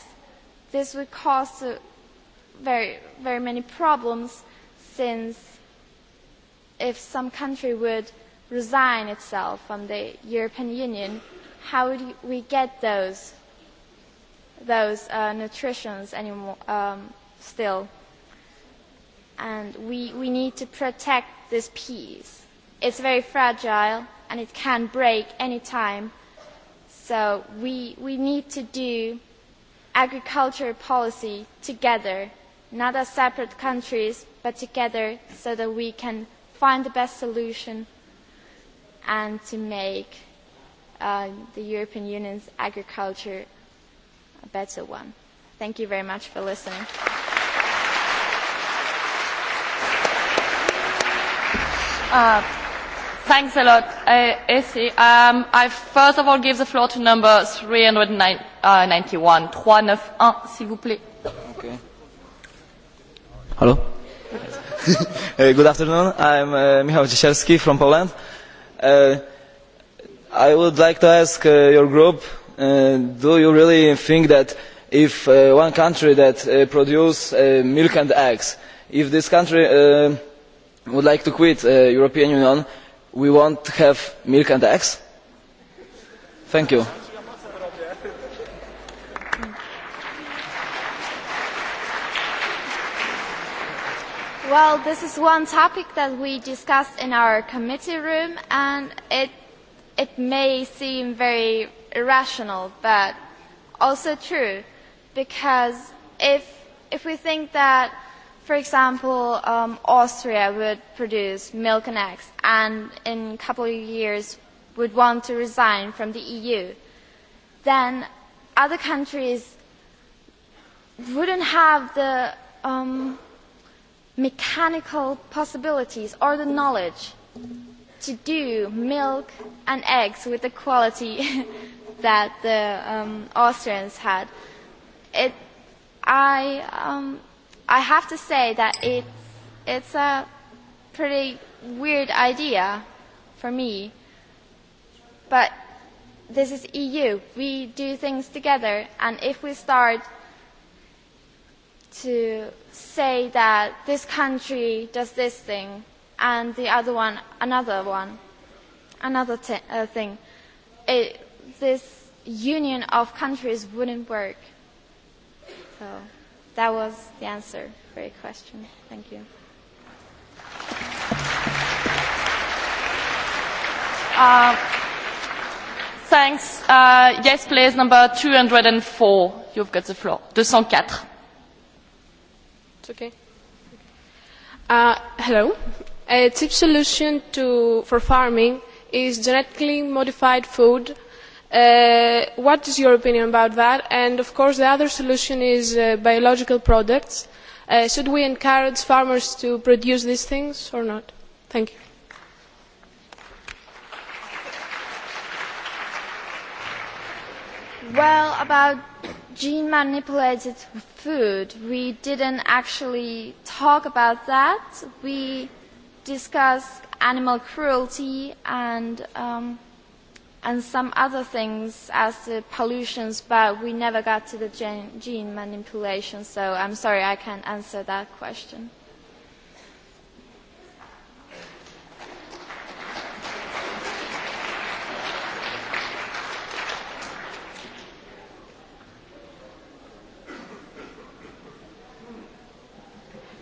J: this would cause uh, very, very many problems since if some country would resign itself from the European Union, how would we get those those uh, nutritions anymore um, still? And we we need to protect this peace. It's very fragile and it can break any time. So we we need to do agriculture policy together, not as separate countries, but together so that we can find the best solution and to make uh, the European Union's agriculture a better one. Thank you very much for listening.
B: Uh, thanks a lot, uh, Essie. Um, I first of all give the floor to number 391. 391, uh, uh, s'il vous plaît. Okay. Hello?
E: Good afternoon. I'm uh, Michał Ciesielski from Poland. Uh, I would like to ask uh, your group, uh, do you really think that if uh, one country that uh, produces uh, milk and eggs, if this country uh, would like to quit the uh, European Union, we won't have milk
J: and eggs? Thank you. Well, this is one topic that we discussed in our committee room, and it, it may seem very irrational, but also true, because if, if we think that, for example, um, Austria would produce milk and eggs, and in a couple of years would want to resign from the EU, then other countries wouldn't have the um, mechanical possibilities or the knowledge to do milk and eggs with the quality that the um, Austrians had. It, I, um, I have to say that it, it's a pretty weird idea for me, but this is EU. We do things together, and if we start to say that this country does this thing and the other one another one another t- uh, thing it, this union of countries wouldn't work so that was the answer for your question thank you
B: uh, thanks uh, yes please number 204 you've got the floor 204 It's okay. Uh, hello. A cheap solution to, for farming is
I: genetically modified food. Uh, what is your opinion about that? And of course, the other solution is uh, biological products. Uh, should we encourage farmers to produce these things or not? Thank you. Well, about
J: gene manipulated food. We didn't actually talk about that. We discussed animal cruelty and um, and some other things as the pollutions, but we never got to the gene, gene manipulation. So I'm sorry, I can't answer that question.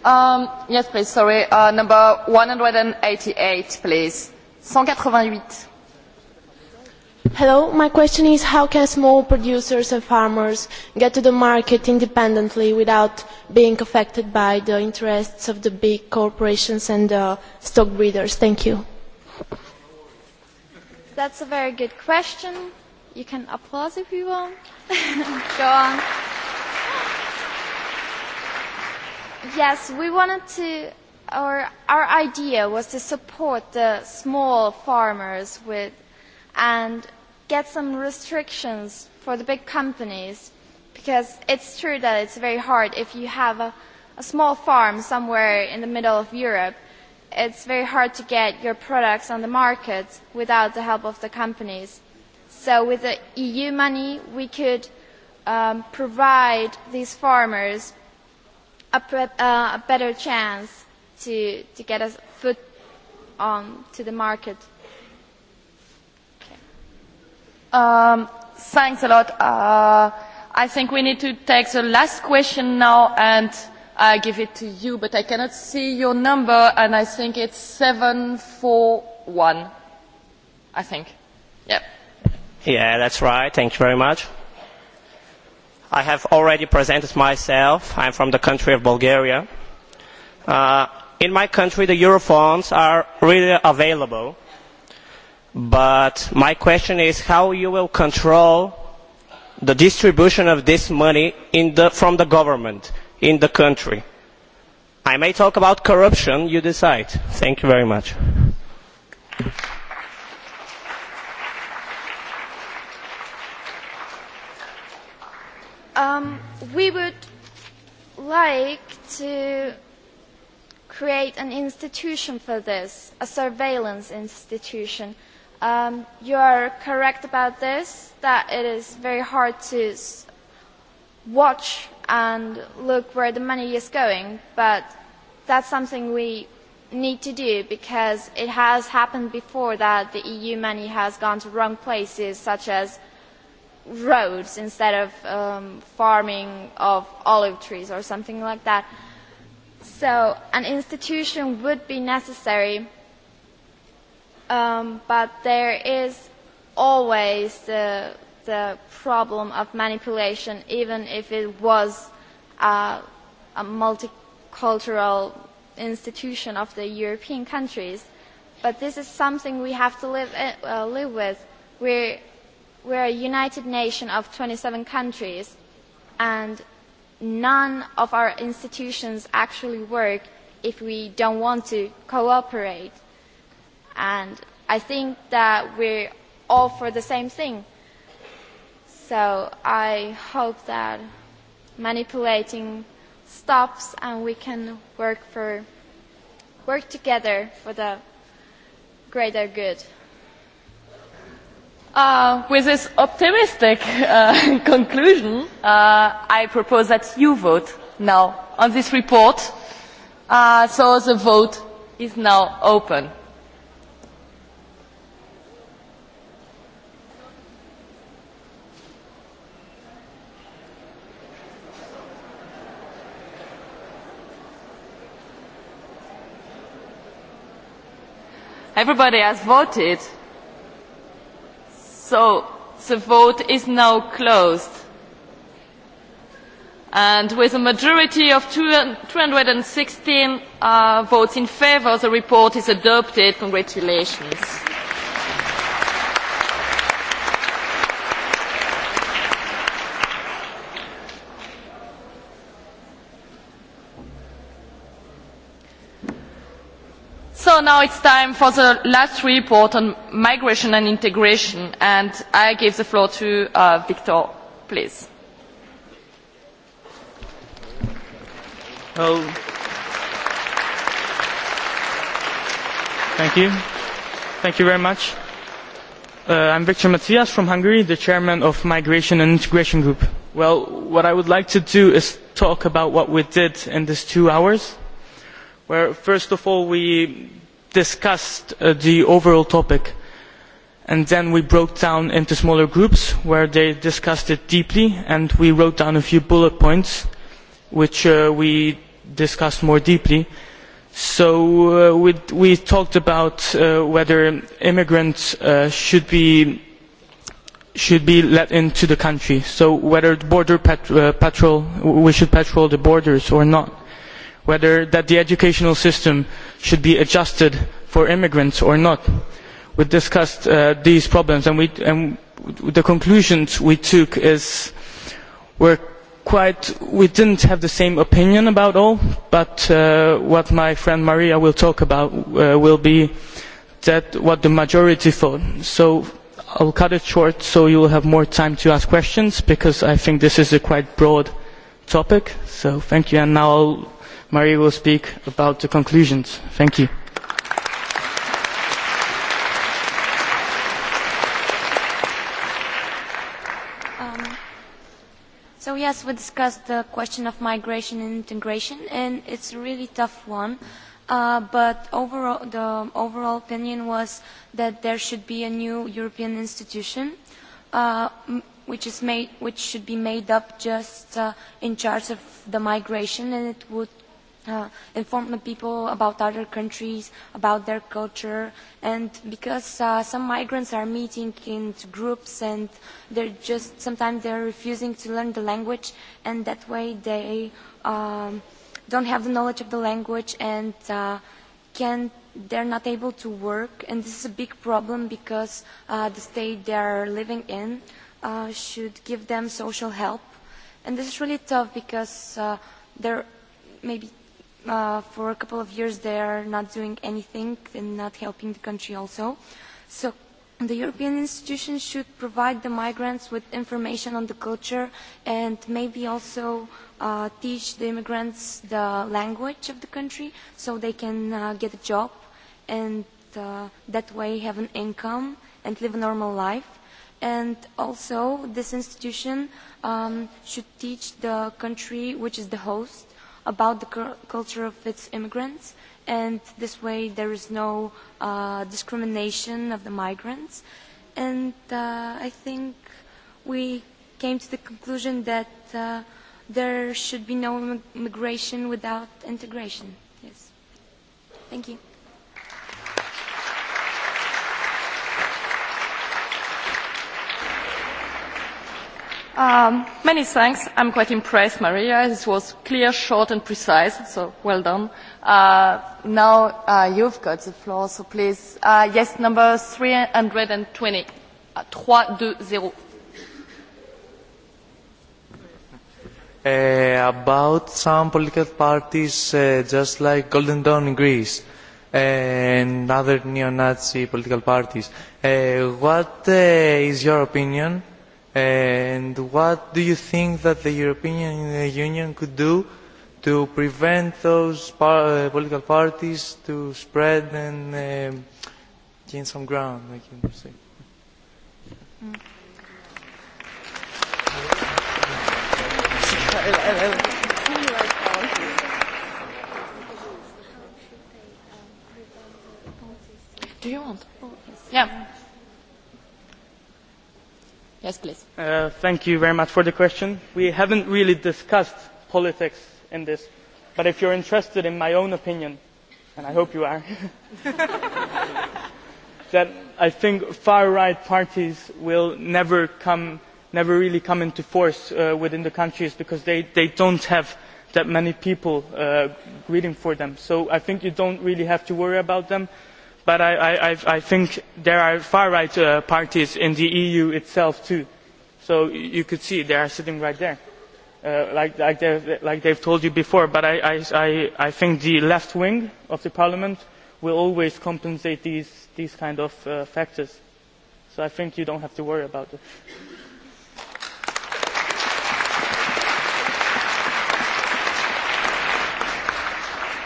B: Um, yes, please, sorry. Uh, number 188, please.
I: Hello, my question is how can small producers and farmers get to the market independently without being affected by the interests of the big
J: corporations and the stock breeders? Thank you. That's a very good question. You can applause if you want. Go on. Yes, we wanted to, or our idea was to support the small farmers with, and get some restrictions for the big companies, because it's true that it's very hard if you have a, a small farm somewhere in the middle of Europe. It's very hard to get your products on the market without the help of the companies. So with the EU money, we could um, provide these farmers a, better chance to, to get a foot on to the market.
B: Um, thanks a lot. Uh, I think we need to take the last question now and I give it to you, but I cannot see your number and I think it's 741. I think. Yeah.
M: Yeah, that's right. Thank you very much I have already presented myself. I am from the country of Bulgaria. Uh, in my country, the Eurofunds are really available. But my question is how you will control the distribution of this money in the, from the government in the country. I may talk about corruption, you decide. Thank you very much.
J: Um, we would like to create an institution for this, a surveillance institution. Um, you are correct about this, that it is very hard to watch and look where the money is going, but that's something we need to do because it has happened before that the EU money has gone to wrong places, such as roads instead of um, farming of olive trees or something like that. So an institution would be necessary, um, but there is always the, the problem of manipulation, even if it was uh, a multicultural institution of the European countries. But this is something we have to live, uh, live with. We're are a united nation of 27 countries and none of our institutions actually work if we don't want to cooperate. And I think that we're all for the same thing. So I hope that manipulating stops and we can work for work together for the greater good.
B: Uh, with this optimistic uh, conclusion, uh, I propose that you vote now on this report. Uh, so the vote is now open. Everybody has voted. So the vote is now closed. And with a majority of 216 uh, votes in favour, the report is adopted. Congratulations. So now it's time for the last report on migration and integration, and I give the floor to Viktor, uh, Victor, please.
K: Well, thank you. Thank you very much. Uh, I'm Victor Matias from Hungary, the chairman of Migration and Integration Group. Well, what I would like to do is talk about what we did in these two hours where first of all we discussed uh, the overall topic and then we broke down into smaller groups where they discussed it deeply and we wrote down a few bullet points which uh, we discussed more deeply. So uh, we, we talked about uh, whether immigrants uh, should be should be let into the country. So whether border pat uh, patrol, we should patrol the borders or not whether that the educational system should be adjusted for immigrants or not. We discussed uh, these problems and, we, and the conclusions we took is were quite, we didn't have the same opinion about all, but uh, what my friend Maria will talk about uh, will be that what the majority thought. So I'll cut it short so you will have more time to ask questions because I think this is a quite broad topic. So thank you and now I'll Marie will speak about the conclusions. Thank you.
H: Um, so yes, we discussed the question of migration and integration, and it's a really tough one. Uh, but overall, the overall opinion was that there should be a new European institution, uh, which is made, which should be made up just uh, in charge of the migration, and it would uh, inform the people about other countries, about their culture, and because uh, some migrants are meeting in groups and they're just sometimes they're refusing to learn the language, and that way they um, don't have the knowledge of the language and uh, can they're not able to work, and this is a big problem because uh, the state they're living in uh, should give them social help, and this is really tough because uh, there maybe uh, for a couple of years they are not doing anything and not helping the country also. So the European institutions should provide the migrants with information on the culture and maybe also uh, teach the immigrants the language of the country so they can uh, get a job and uh, that way have an income and live a normal life. And also this institution um, should teach the country which is the host about the culture of its immigrants, and this way there is no uh, discrimination of the migrants. And uh, I think we came to the conclusion that uh, there should be no immigration without integration. Yes.
B: Thank you. Um, many thanks. I'm quite impressed, Maria. This was clear, short and precise, so well done. Uh, now uh, you've got the floor, so please. Uh, yes, number 320. Uh, 320.
C: Uh, about some political parties, uh, just like Golden Dawn in Greece uh, and other neo-Nazi political parties. Uh, what uh, is your opinion And what do you think that the European Union could do to prevent those par uh, political parties to spread and um, gain some ground, I can say?
B: Do you want? Yeah.
K: Uh, thank you very much for the question. We haven't really discussed politics in this, but if you're interested in my own opinion, and I hope you are, that I think far-right parties will never come, never really come into force uh, within the countries because they, they don't have that many people uh, greeting for them. So I think you don't really have to worry about them but I, think there are far-right uh, parties in the EU itself too. So you could see they are sitting right there, uh, like, they have told you before. But I, think the left wing of the parliament will always compensate these, kind of uh, factors. So I think you do not have to worry about it.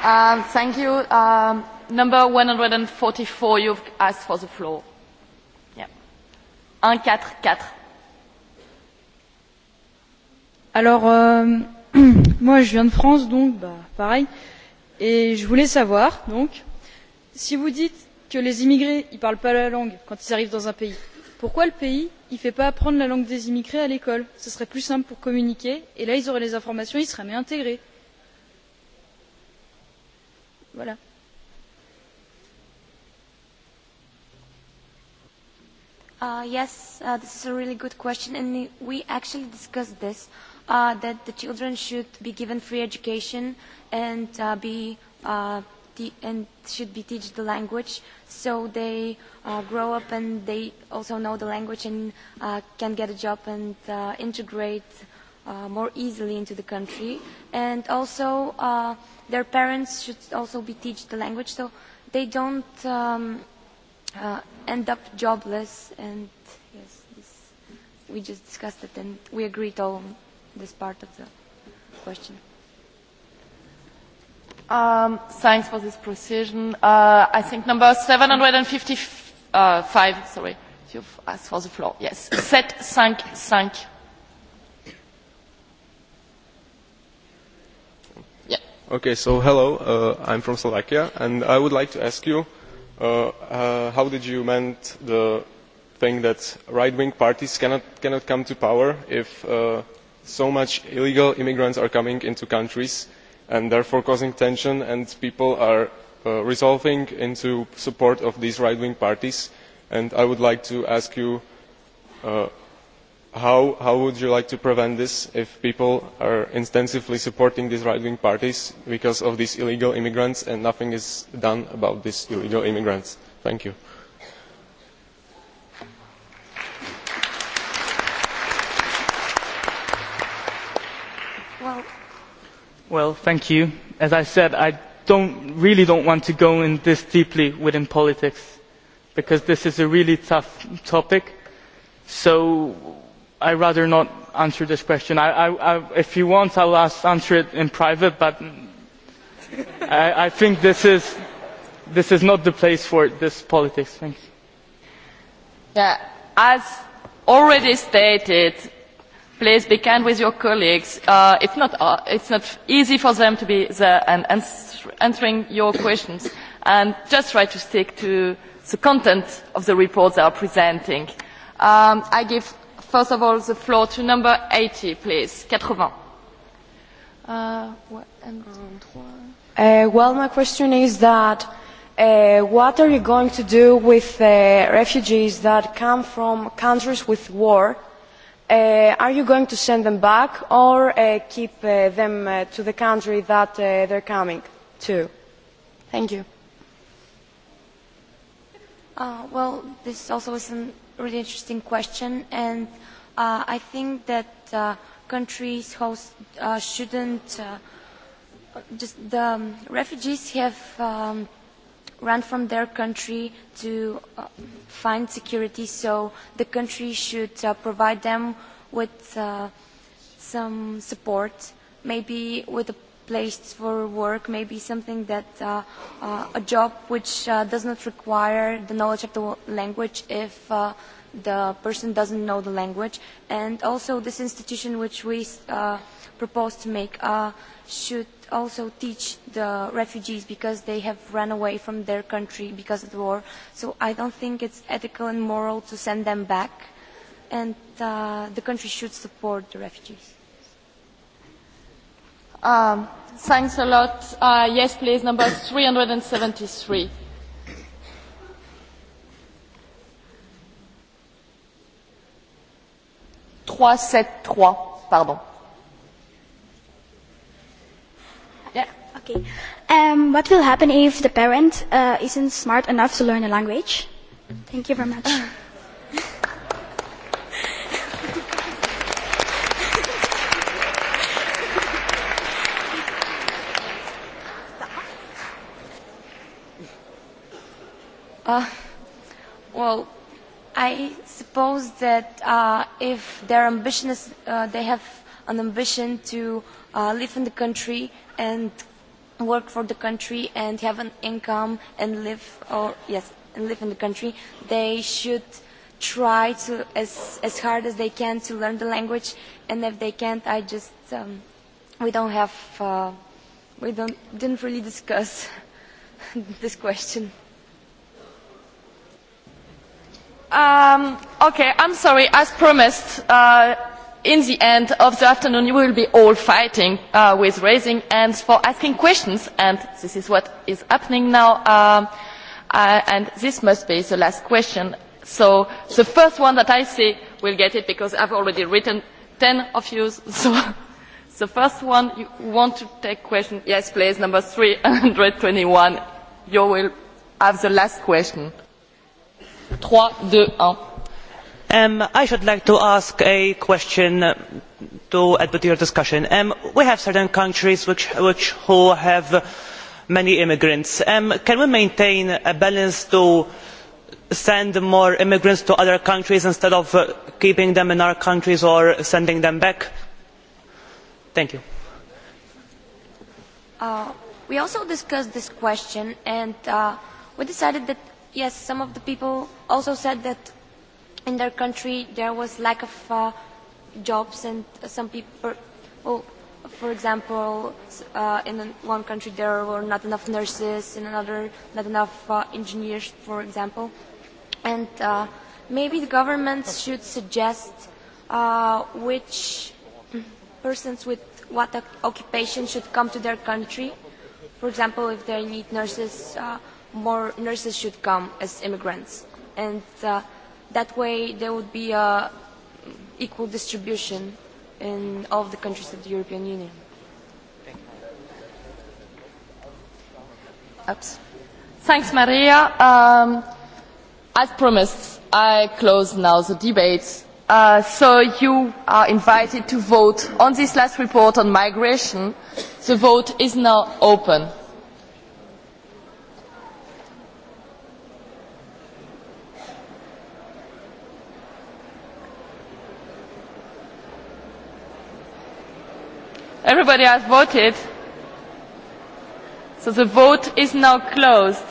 B: Um, um, number 144, you've asked for the floor. Yeah. 144.
N: Alors, euh, moi, je viens de France, donc, bah, pareil. Et je voulais savoir, donc, si vous dites que les immigrés ne parlent pas la langue quand ils arrivent dans un pays,
I: pourquoi le pays ne fait pas apprendre la langue des immigrés à l'école Ce serait plus simple pour communiquer, et là, ils auraient les informations, ils seraient mieux intégrés. Voilà.
H: Uh, yes, uh, this is a really good question, and we actually discussed this, uh, that the children should be given free education and uh, be uh, and should be teach the language so they uh, grow up and they also know the language and uh, can get a job and uh, integrate uh, more easily into the country. And also uh, their parents should also be teach the language so they don't um, uh, end up jobless and yes this, we just discussed it and we agreed on this part of the question
B: um, thanks for this precision uh, I think number 755 uh, five, sorry you've asked for the floor yes 755 yeah.
C: Okay, so hello, uh, I'm from Slovakia, and I would like to ask you, Uh, uh, how did you mend the thing that right wing parties cannot come to power if uh, so much illegal immigrants are coming into countries and therefore causing tension and people are resolving into support of these right wing parties and i would like to ask you how would you like to prevent this if people are intensively supporting these right wing parties because of these illegal immigrants and nothing is done about these illegal immigrants? thank you.
K: Well, thank you. as i said i don't, really do not want to go in this deeply within politics because this is a really tough topic so i rather not answer this question. I, I, I, if you want, I'll ask, answer it in private, but I, I think this is, this is not the place for this politics. Thanks.
B: Yeah, as already stated, please be kind with your colleagues. Uh, it's, not, uh, it's not easy for them to be there and ans answering your questions. And just try to stick to the content of the report they are presenting. Um, I give first of all the floor to number 80, please. 80.
D: Uh,
I: uh, well, my question is that uh, what are you going to do with uh, refugees that come from countries with war? Uh, are you going to send them back or uh, keep uh, them uh, to the country that uh, they're coming to? Thank you.
H: Uh, well, this also isn't really interesting question, and uh, I think that uh, countries host uh, shouldn't. Uh, just the um, refugees have um, run from their country to uh, find security, so the country should uh, provide them with uh, some support, maybe with a placed for work, maybe something that uh, uh, a job which uh, does not require the knowledge of the language if uh, the person doesn't know the language. And also this institution which we uh, propose to make uh, should also teach the refugees because they have run away from their country because of the war. So I don't think it's ethical and moral to send them back. And uh, the country should support the refugees
B: arvoisa um, thanks a lot. Uh, yes, please, number 373. trois sept trois pardon.
D: Yeah. Okay.
B: Um, what will happen if the
J: parent uh, isn't smart enough to learn language? Thank you very much.
H: Uh, well, I suppose that uh, if their ambition is, uh, they have an ambition to uh, live in the country and work for the country and have an income and live, or yes, and live in the country, they should try to as as hard as they can to learn the language. And if they can't, I just um, we don't have uh, we don't didn't really discuss
B: this question. Um, okay, I'm sorry. As promised, uh, in the end of the afternoon, you will be all fighting uh, with raising hands for asking questions, and this is what is happening now. Um, uh, and this must be the last question. So the first one that I see will get it because I've already written ten of you. So the first one you want to take question? Yes, please. Number 321. You will have the last question.
K: Um, i should like to ask a question to add to your discussion. Um, we have certain countries which, who have many immigrants. Um, can we maintain a balance to send more immigrants to other countries instead of uh, keeping them in our countries or sending them back? thank you.
H: Uh, we also discussed this question and uh, we decided that yes, some of the people also said that in their country there was lack of uh, jobs and some people, well, for example, uh, in one country there were not enough nurses, in another not enough uh, engineers, for example. And uh, maybe the government should suggest uh, which persons with what occupation should come to their country. For example, if they need nurses, uh, more nurses should come as immigrants. And uh, that way there would be an equal distribution in all of the countries of the European
B: Union. Oops. Thanks, Maria. Um, as promised, I close now the debate. Uh, so you are invited to vote on this last report on migration. The vote is now open. Everybody has voted. So the vote is now closed.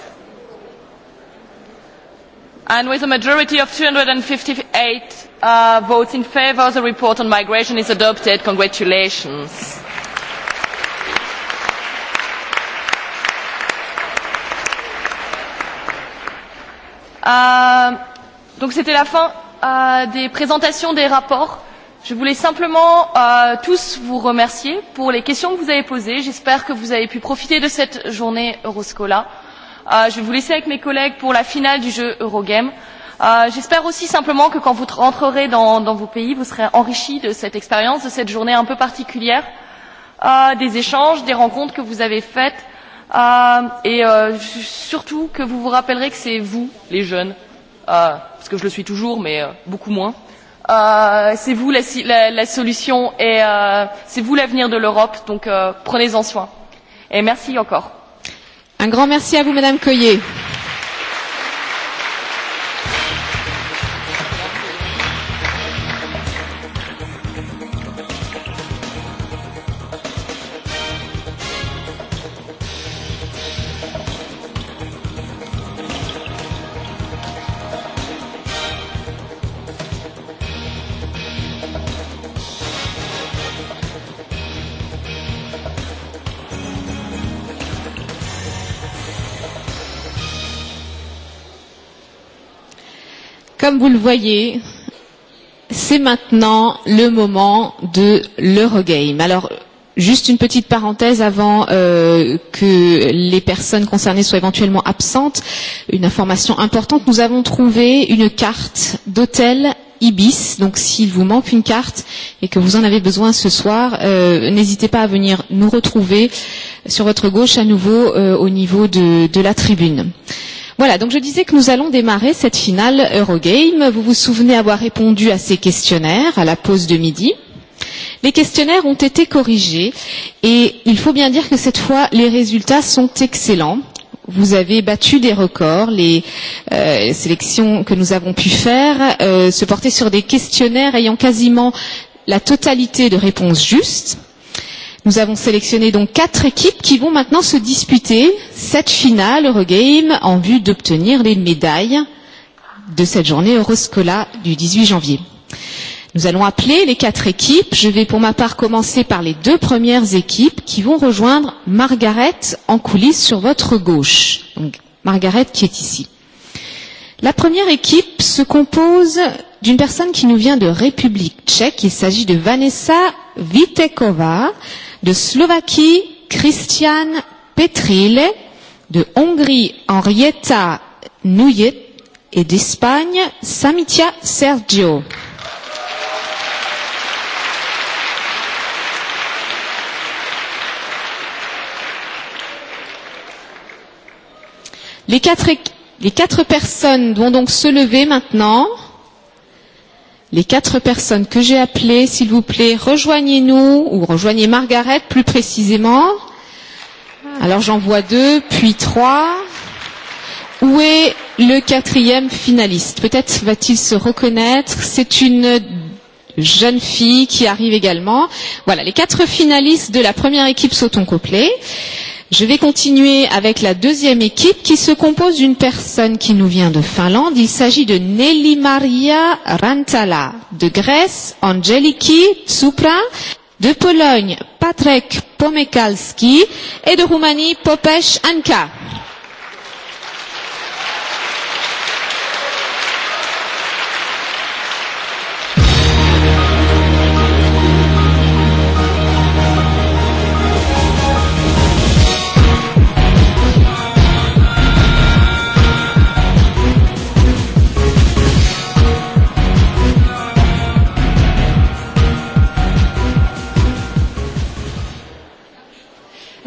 B: And with a majority of 258 uh, votes in favour, the report on migration is adopted. Congratulations. Euh, donc c'était la fin euh, des présentations des rapports. Je voulais simplement euh, tous vous remercier pour les questions que vous avez posées. J'espère que vous avez pu profiter de cette journée Euroscola. Euh, je vais vous laisser avec mes collègues pour la finale du jeu Eurogame. Euh, J'espère aussi simplement que quand vous rentrerez dans, dans vos pays, vous serez enrichis de cette expérience, de cette journée un peu particulière, euh, des échanges, des rencontres que vous avez faites, euh, et euh, surtout que vous vous rappellerez que c'est vous, les jeunes, euh, parce que je le suis toujours, mais euh, beaucoup moins Euh, c'est vous la, la, la solution et euh, c'est vous l'avenir de l'Europe, donc euh, prenez-en soin. Et merci encore.
A: Un grand merci à vous, Madame Coyer. Comme vous le voyez, c'est maintenant le moment de l'Eurogame. Alors, Juste une petite parenthèse avant euh, que les personnes concernées soient éventuellement absentes. Une information importante, nous avons trouvé une carte d'hôtel Ibis. Donc s'il vous manque une carte et que vous en avez besoin ce soir, euh, n'hésitez pas à venir nous retrouver sur votre gauche à nouveau euh, au niveau de, de la tribune. Euh, Voilà, donc je disais que nous allons démarrer cette finale Eurogame. Vous vous souvenez avoir répondu à ces questionnaires à la pause de midi. Les questionnaires ont été corrigés et il faut bien dire que cette fois, les résultats sont excellents. Vous avez battu des records. Les euh, sélections que nous avons pu faire euh, se portaient sur des questionnaires ayant quasiment la totalité de réponses justes Nous avons sélectionné donc quatre équipes qui vont maintenant se disputer cette finale Eurogame en vue d'obtenir les médailles de cette journée Euroscola du 18 janvier. Nous allons appeler les quatre équipes. Je vais pour ma part commencer par les deux premières équipes qui vont rejoindre Margaret en coulisses sur votre gauche. Donc, Margaret qui est ici. La première équipe se compose d'une personne qui nous vient de République tchèque. Il s'agit de Vanessa Vitekova. Euh, de Slovaquie, Christian Petrile, de Hongrie, Henrietta Nuyet, et d'Espagne, Samitia Sergio. Les quatre, les quatre personnes vont donc se lever maintenant les quatre personnes que j'ai appelées, s'il vous plaît, rejoignez-nous ou rejoignez Margaret plus précisément. Alors j'en vois deux, puis trois. Où est le quatrième finaliste Peut-être va-t-il se reconnaître. C'est une jeune fille qui arrive également. Voilà, les quatre finalistes de la première équipe sont au complet. Je vais continuer avec la deuxième équipe qui se compose d'une personne qui nous vient de Finlande. Il s'agit de Nelly Maria Rantala, de Grèce, Angeliki Tsupra, de Pologne, Patrek Pomekalski et de Roumanie, Popesh Anka.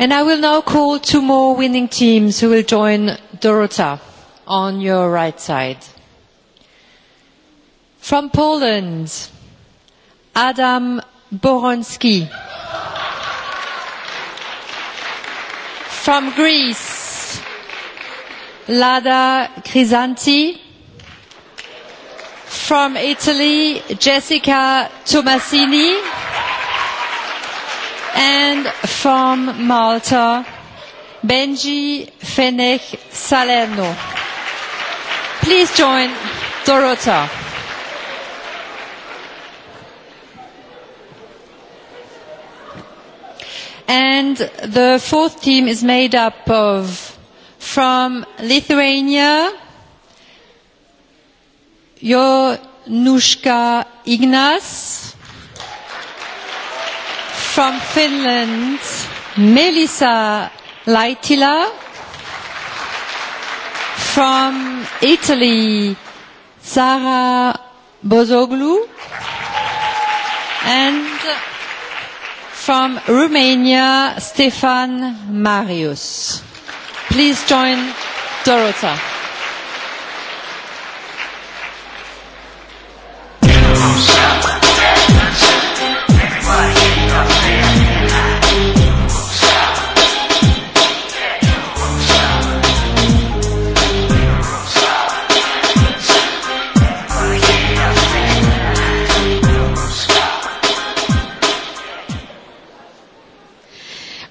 N: And I will now call two more winning teams who will join Dorota on your right side. From Poland, Adam Boronski. From Greece, Lada Crisanti. From Italy, Jessica Tomasini. And from Malta, Benji Fenech Salerno. Please join Dorota. And the fourth team is made up of from Lithuania, Jonushka Ignas, from Finland, Melissa Laitila. From Italy, Sara Bozoglu. And from Romania, Stefan Marius. Please join Dorota.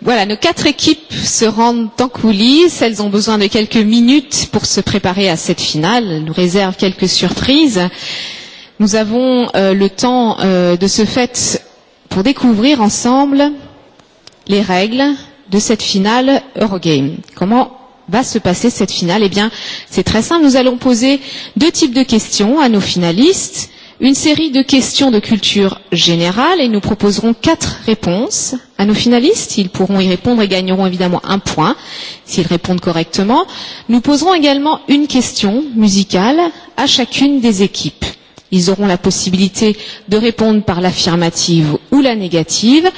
A: Voilà, nos quatre équipes se rendent en coulisses. Elles ont besoin de quelques minutes pour se préparer à cette finale. Elles nous réservent quelques surprises. Nous avons euh, le temps euh, de ce fait pour découvrir ensemble les règles de cette finale Eurogame. Comment va se passer cette finale Eh bien, c'est très simple. Nous allons poser deux types de questions à nos finalistes une série de questions de culture générale et nous proposerons quatre réponses à nos finalistes. Ils pourront y répondre et gagneront évidemment un point s'ils répondent correctement. Nous poserons également une question musicale à chacune des équipes. Ils auront la possibilité de répondre par l'affirmative ou la négative.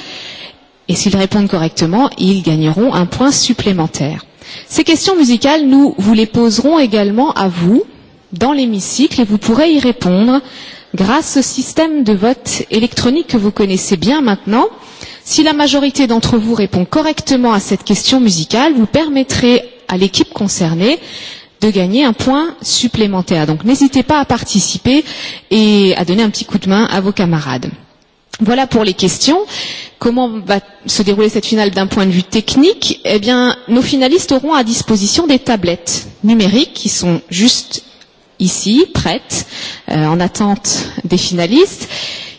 A: Et s'ils répondent correctement, ils gagneront un point supplémentaire. Ces questions musicales, nous vous les poserons également à vous dans l'hémicycle et vous pourrez y répondre grâce au système de vote électronique que vous connaissez bien maintenant, si la majorité d'entre vous répond correctement à cette question musicale, vous permettrez à l'équipe concernée de gagner un point supplémentaire. Donc n'hésitez pas à participer et à donner un petit coup de main à vos camarades. Voilà pour les questions. Comment va se dérouler cette finale d'un point de vue technique Eh bien, nos finalistes auront à disposition des tablettes numériques qui sont juste ici, prêtes, euh, en attente des finalistes.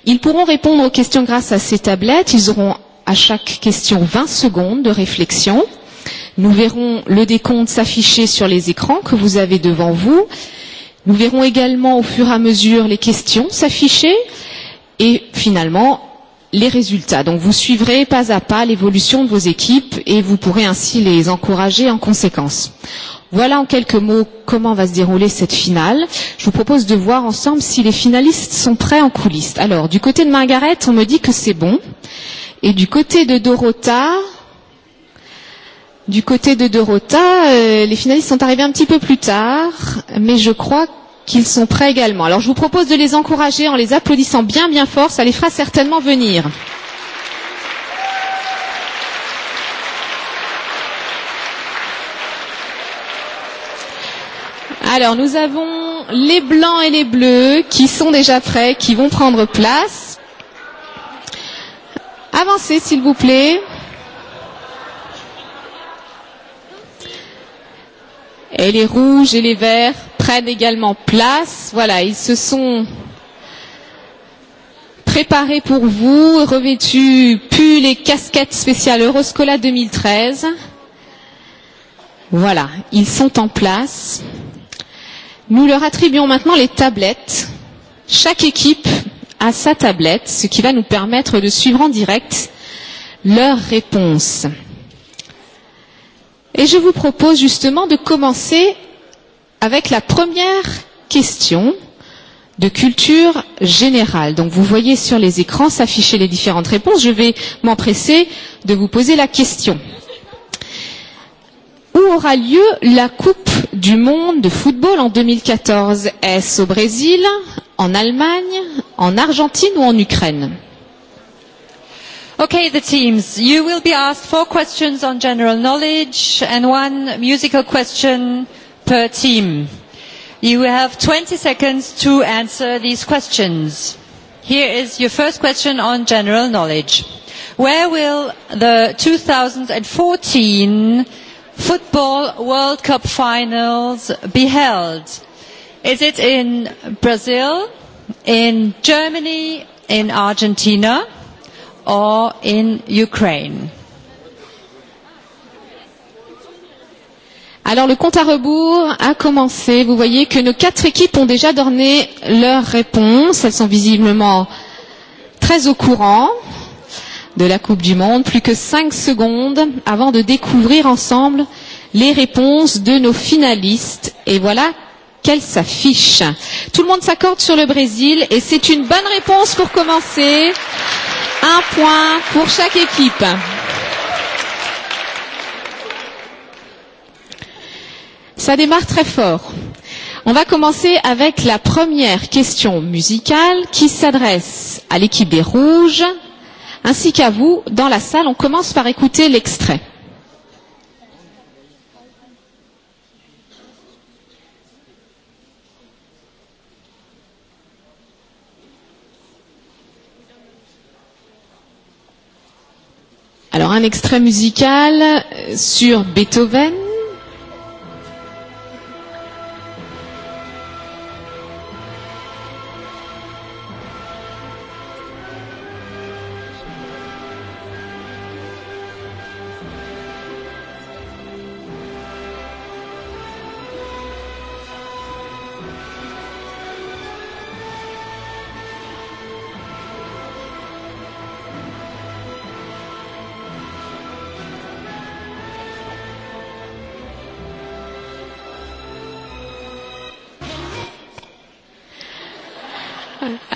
A: Ils pourront répondre aux questions grâce à ces tablettes. Ils auront à chaque question 20 secondes de réflexion. Nous verrons le décompte s'afficher sur les écrans que vous avez devant vous. Nous verrons également au fur et à mesure les questions s'afficher et finalement les résultats. Donc vous suivrez pas à pas l'évolution de vos équipes et vous pourrez ainsi les encourager en conséquence. Voilà en quelques mots comment va se dérouler cette finale. Je vous propose de voir ensemble si les finalistes sont prêts en coulisses. Alors, du côté de Margaret, on me dit que c'est bon. Et du côté de Dorota, du côté de Dorota, euh, les finalistes sont arrivés un petit peu plus tard, mais je crois qu'ils sont prêts également. Alors, je vous propose de les encourager en les applaudissant bien bien fort, ça les fera certainement venir. Alors nous avons les blancs et les bleus qui sont déjà prêts, qui vont prendre place. Avancez s'il vous plaît. Et les rouges et les verts prennent également place. Voilà, ils se sont préparés pour vous, revêtus pulls et casquettes spéciales Euroscola 2013. Voilà, ils sont en place. Nous leur attribuons maintenant les tablettes. Chaque équipe a sa tablette, ce qui va nous permettre de suivre en direct leurs réponses. Et je vous propose justement de commencer avec la première question de culture générale. Donc vous voyez sur les écrans s'afficher les différentes réponses. Je vais m'empresser de vous poser la question. Où aura lieu la Coupe du monde de football en 2014 Est-ce au Brésil, en Allemagne, en Argentine ou en Ukraine
N: Okay, the teams. You will be asked four questions on general knowledge and one musical question per team. You have 20 seconds to answer these questions. Here is your first question on general knowledge. Where will the 2014 Football World Cup finals be held? Is it in Brazil, in Germany, in Argentina, or in Ukraine?
A: Alors le compte à rebours a commencé. Vous voyez que nos quatre équipes ont déjà donné leurs réponses. Elles sont visiblement très au courant de la Coupe du Monde. Plus que 5 secondes avant de découvrir ensemble les réponses de nos finalistes. Et voilà qu'elles s'affichent. Tout le monde s'accorde sur le Brésil et c'est une bonne réponse pour commencer. Un point pour chaque équipe. Ça démarre très fort. On va commencer avec la première question musicale qui s'adresse à l'équipe des Rouges ainsi qu'à vous dans la salle. On commence par écouter l'extrait. Alors un extrait musical euh, sur Beethoven.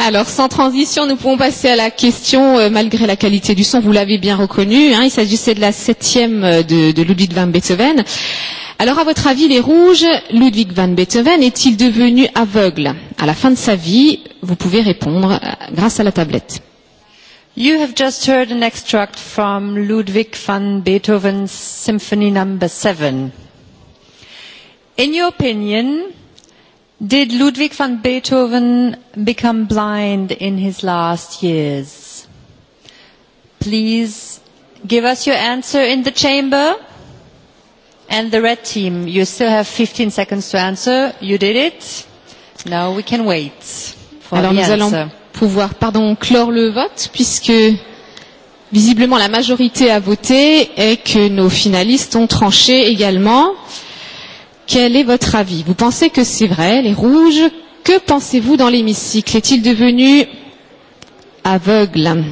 A: Alors, sans transition, nous pouvons passer à la question, euh, malgré la qualité du son, vous l'avez bien reconnu, hein, il s'agissait de la septième euh, de, de Ludwig van Beethoven. Alors, à votre avis, les rouges, Ludwig van Beethoven est-il devenu aveugle à la fin de sa vie Vous pouvez répondre euh, grâce à la tablette.
N: You have just heard an extract from Ludwig van Beethoven's Symphony Number no. 7. In your opinion, Did Ludwig van Beethoven become blind in his last years? Please give us your answer in the chamber. And the red team, you still have 15 seconds to answer. You did it. Now we can wait for Alors the nous answer. allons
A: pouvoir pardon, clore le vote puisque visiblement la majorité a voté et que nos finalistes ont tranché également. Euh, Quel est votre avis Vous pensez que c'est vrai, les rouges Que pensez-vous dans l'hémicycle Est-il devenu aveugle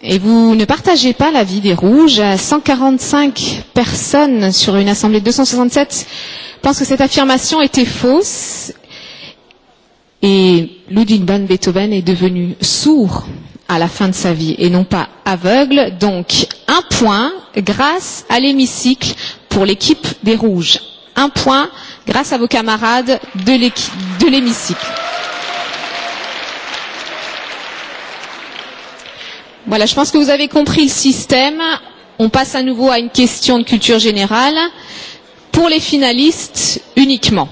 A: Et vous ne partagez pas l'avis des rouges. 145 personnes sur une assemblée de 267 pensent que cette affirmation était fausse. Et Ludwig van Beethoven est devenu sourd à la fin de sa vie et non pas aveugle. Donc un point grâce à l'hémicycle pour l'équipe des Rouges. Un point grâce à vos camarades de l'hémicycle. Voilà, je pense que vous avez compris le système. On passe à nouveau à une question de culture générale. Pour les finalistes uniquement.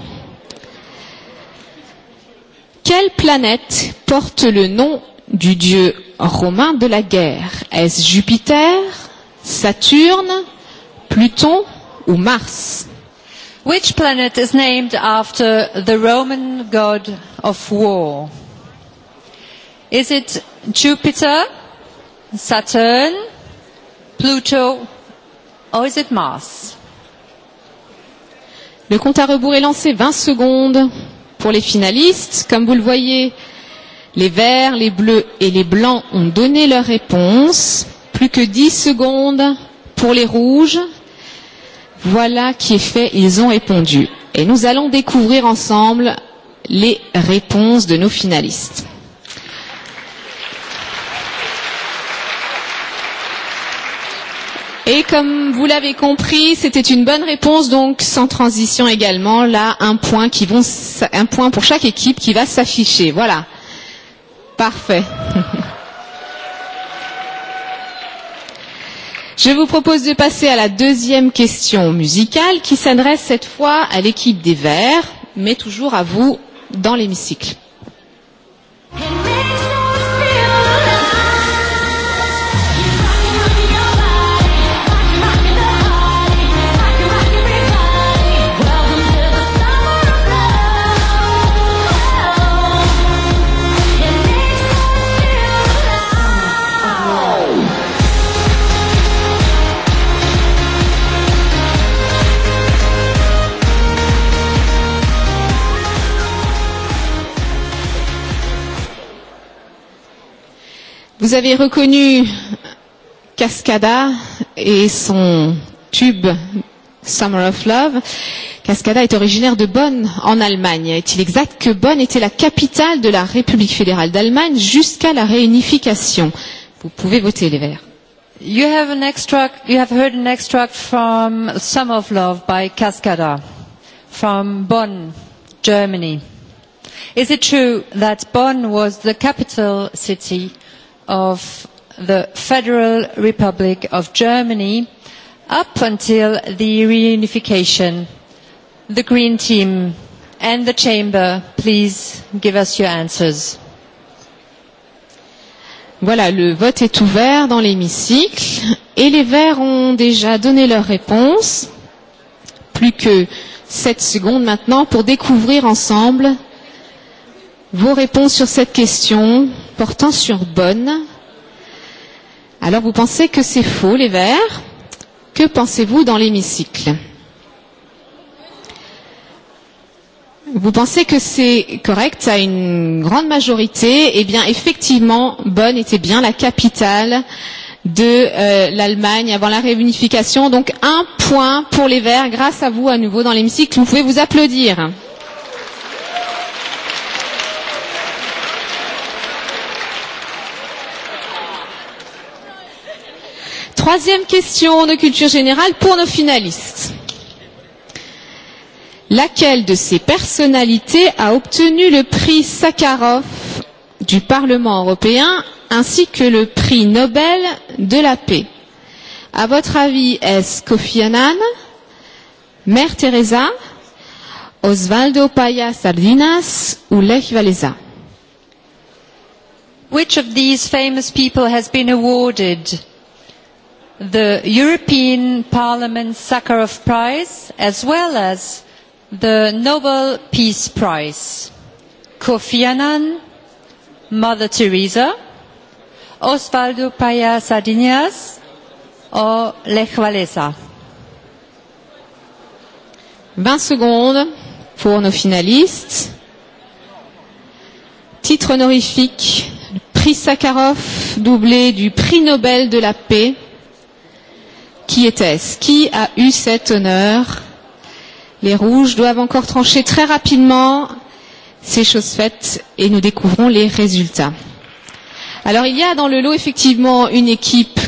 A: Quelle planète porte le nom du dieu romain de la guerre Est-ce Jupiter, Saturne, Pluton ou Mars Which planet is named after the Roman god
N: of war? Is it Jupiter, Saturn, Pluto or is it Mars?
A: Le compte à rebours est lancé 20 secondes pour les finalistes. Comme vous le voyez, Les verts, les bleus et les blancs ont donné leur réponse. Plus que 10 secondes pour les rouges. Voilà qui est fait, ils ont répondu. Et nous allons découvrir ensemble les réponses de nos finalistes. Et comme vous l'avez compris, c'était une bonne réponse, donc sans transition également. Là, un point, qui vont, un point pour chaque équipe qui va s'afficher. Voilà. Parfait. Je vous propose de passer à la deuxième question musicale qui s'adresse cette fois à l'équipe des Verts, mais toujours à vous dans l'hémicycle. Hey Vous avez reconnu Cascada et son tube Summer of Love. Cascada est originaire de Bonn, en Allemagne. Est-il exact que Bonn était la capitale de la République fédérale d'Allemagne jusqu'à la réunification Vous pouvez voter les verts.
N: You have, an extract, you have heard an extract from Summer of Love by Cascada from Bonn, Germany. Is it true that Bonn was the capital city of the Federal Republic of Germany up until the reunification. The Green Team and the Chamber, please
A: give us your answers. Voilà, le vote est ouvert dans l'hémicycle et les Verts ont déjà donné leur réponse. Plus que 7 secondes maintenant pour découvrir ensemble vos réponses sur cette question portant sur bonne. Alors vous pensez que c'est faux, les verts Que pensez-vous dans l'hémicycle Vous pensez que c'est correct à une grande majorité Eh bien, effectivement, Bonn était bien la capitale de euh, l'Allemagne avant la réunification. Donc, un point pour les Verts grâce à vous à nouveau dans l'hémicycle. Vous pouvez vous applaudir. troisième question de culture générale pour nos finalistes. Laquelle de ces personnalités a obtenu le prix Sakharov du Parlement européen ainsi que le prix Nobel de la paix À votre avis, est-ce Kofi Annan, Mère Teresa, Osvaldo Paya Sardinas ou Lech Walesa Which
N: of these famous people has been awarded the European Parliament Sakharov Prize as well as the Nobel Peace Prize. Kofi Annan, Mother Teresa, Osvaldo Paya Sardinias or Lech Walesa.
A: 20 secondes pour nos finalistes. Titre honorifique, prix Sakharov doublé du prix Nobel de la paix Qui était-ce Qui a eu cet honneur Les rouges doivent encore trancher très rapidement. ces choses faites et nous découvrons les résultats. Alors il y a dans le lot effectivement une équipe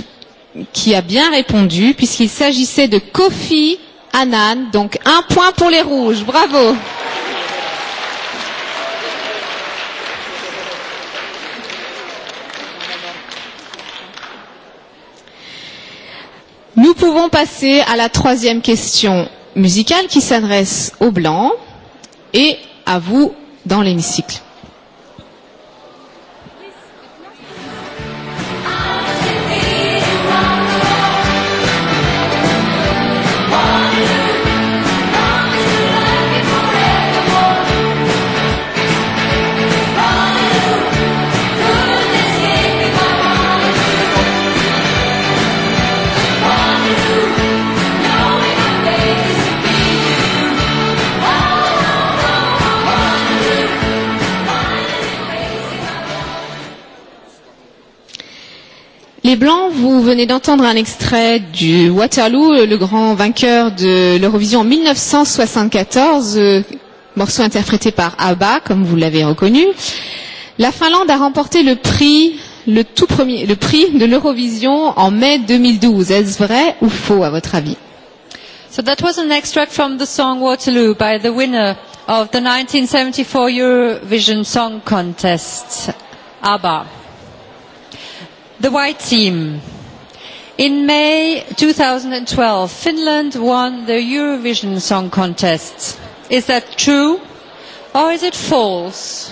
A: qui a bien répondu puisqu'il s'agissait de Kofi Annan. Donc un point pour les rouges. Bravo. Nous pouvons passer à la troisième question musicale qui s'adresse aux Blancs et à vous dans l'hémicycle. Les Blancs, vous venez d'entendre un extrait du Waterloo, le grand vainqueur de l'Eurovision en 1974, euh, morceau interprété par ABBA, comme vous l'avez reconnu. La Finlande a remporté le prix, le tout premier, le prix de l'Eurovision en mai 2012. Est-ce vrai ou faux à votre avis? So that was
N: an extract from the song Waterloo by the winner of the 1974 Eurovision Song Contest, ABBA. The White Team. In May 2012, Finland won the Eurovision Song Contest. Is that true or is it false?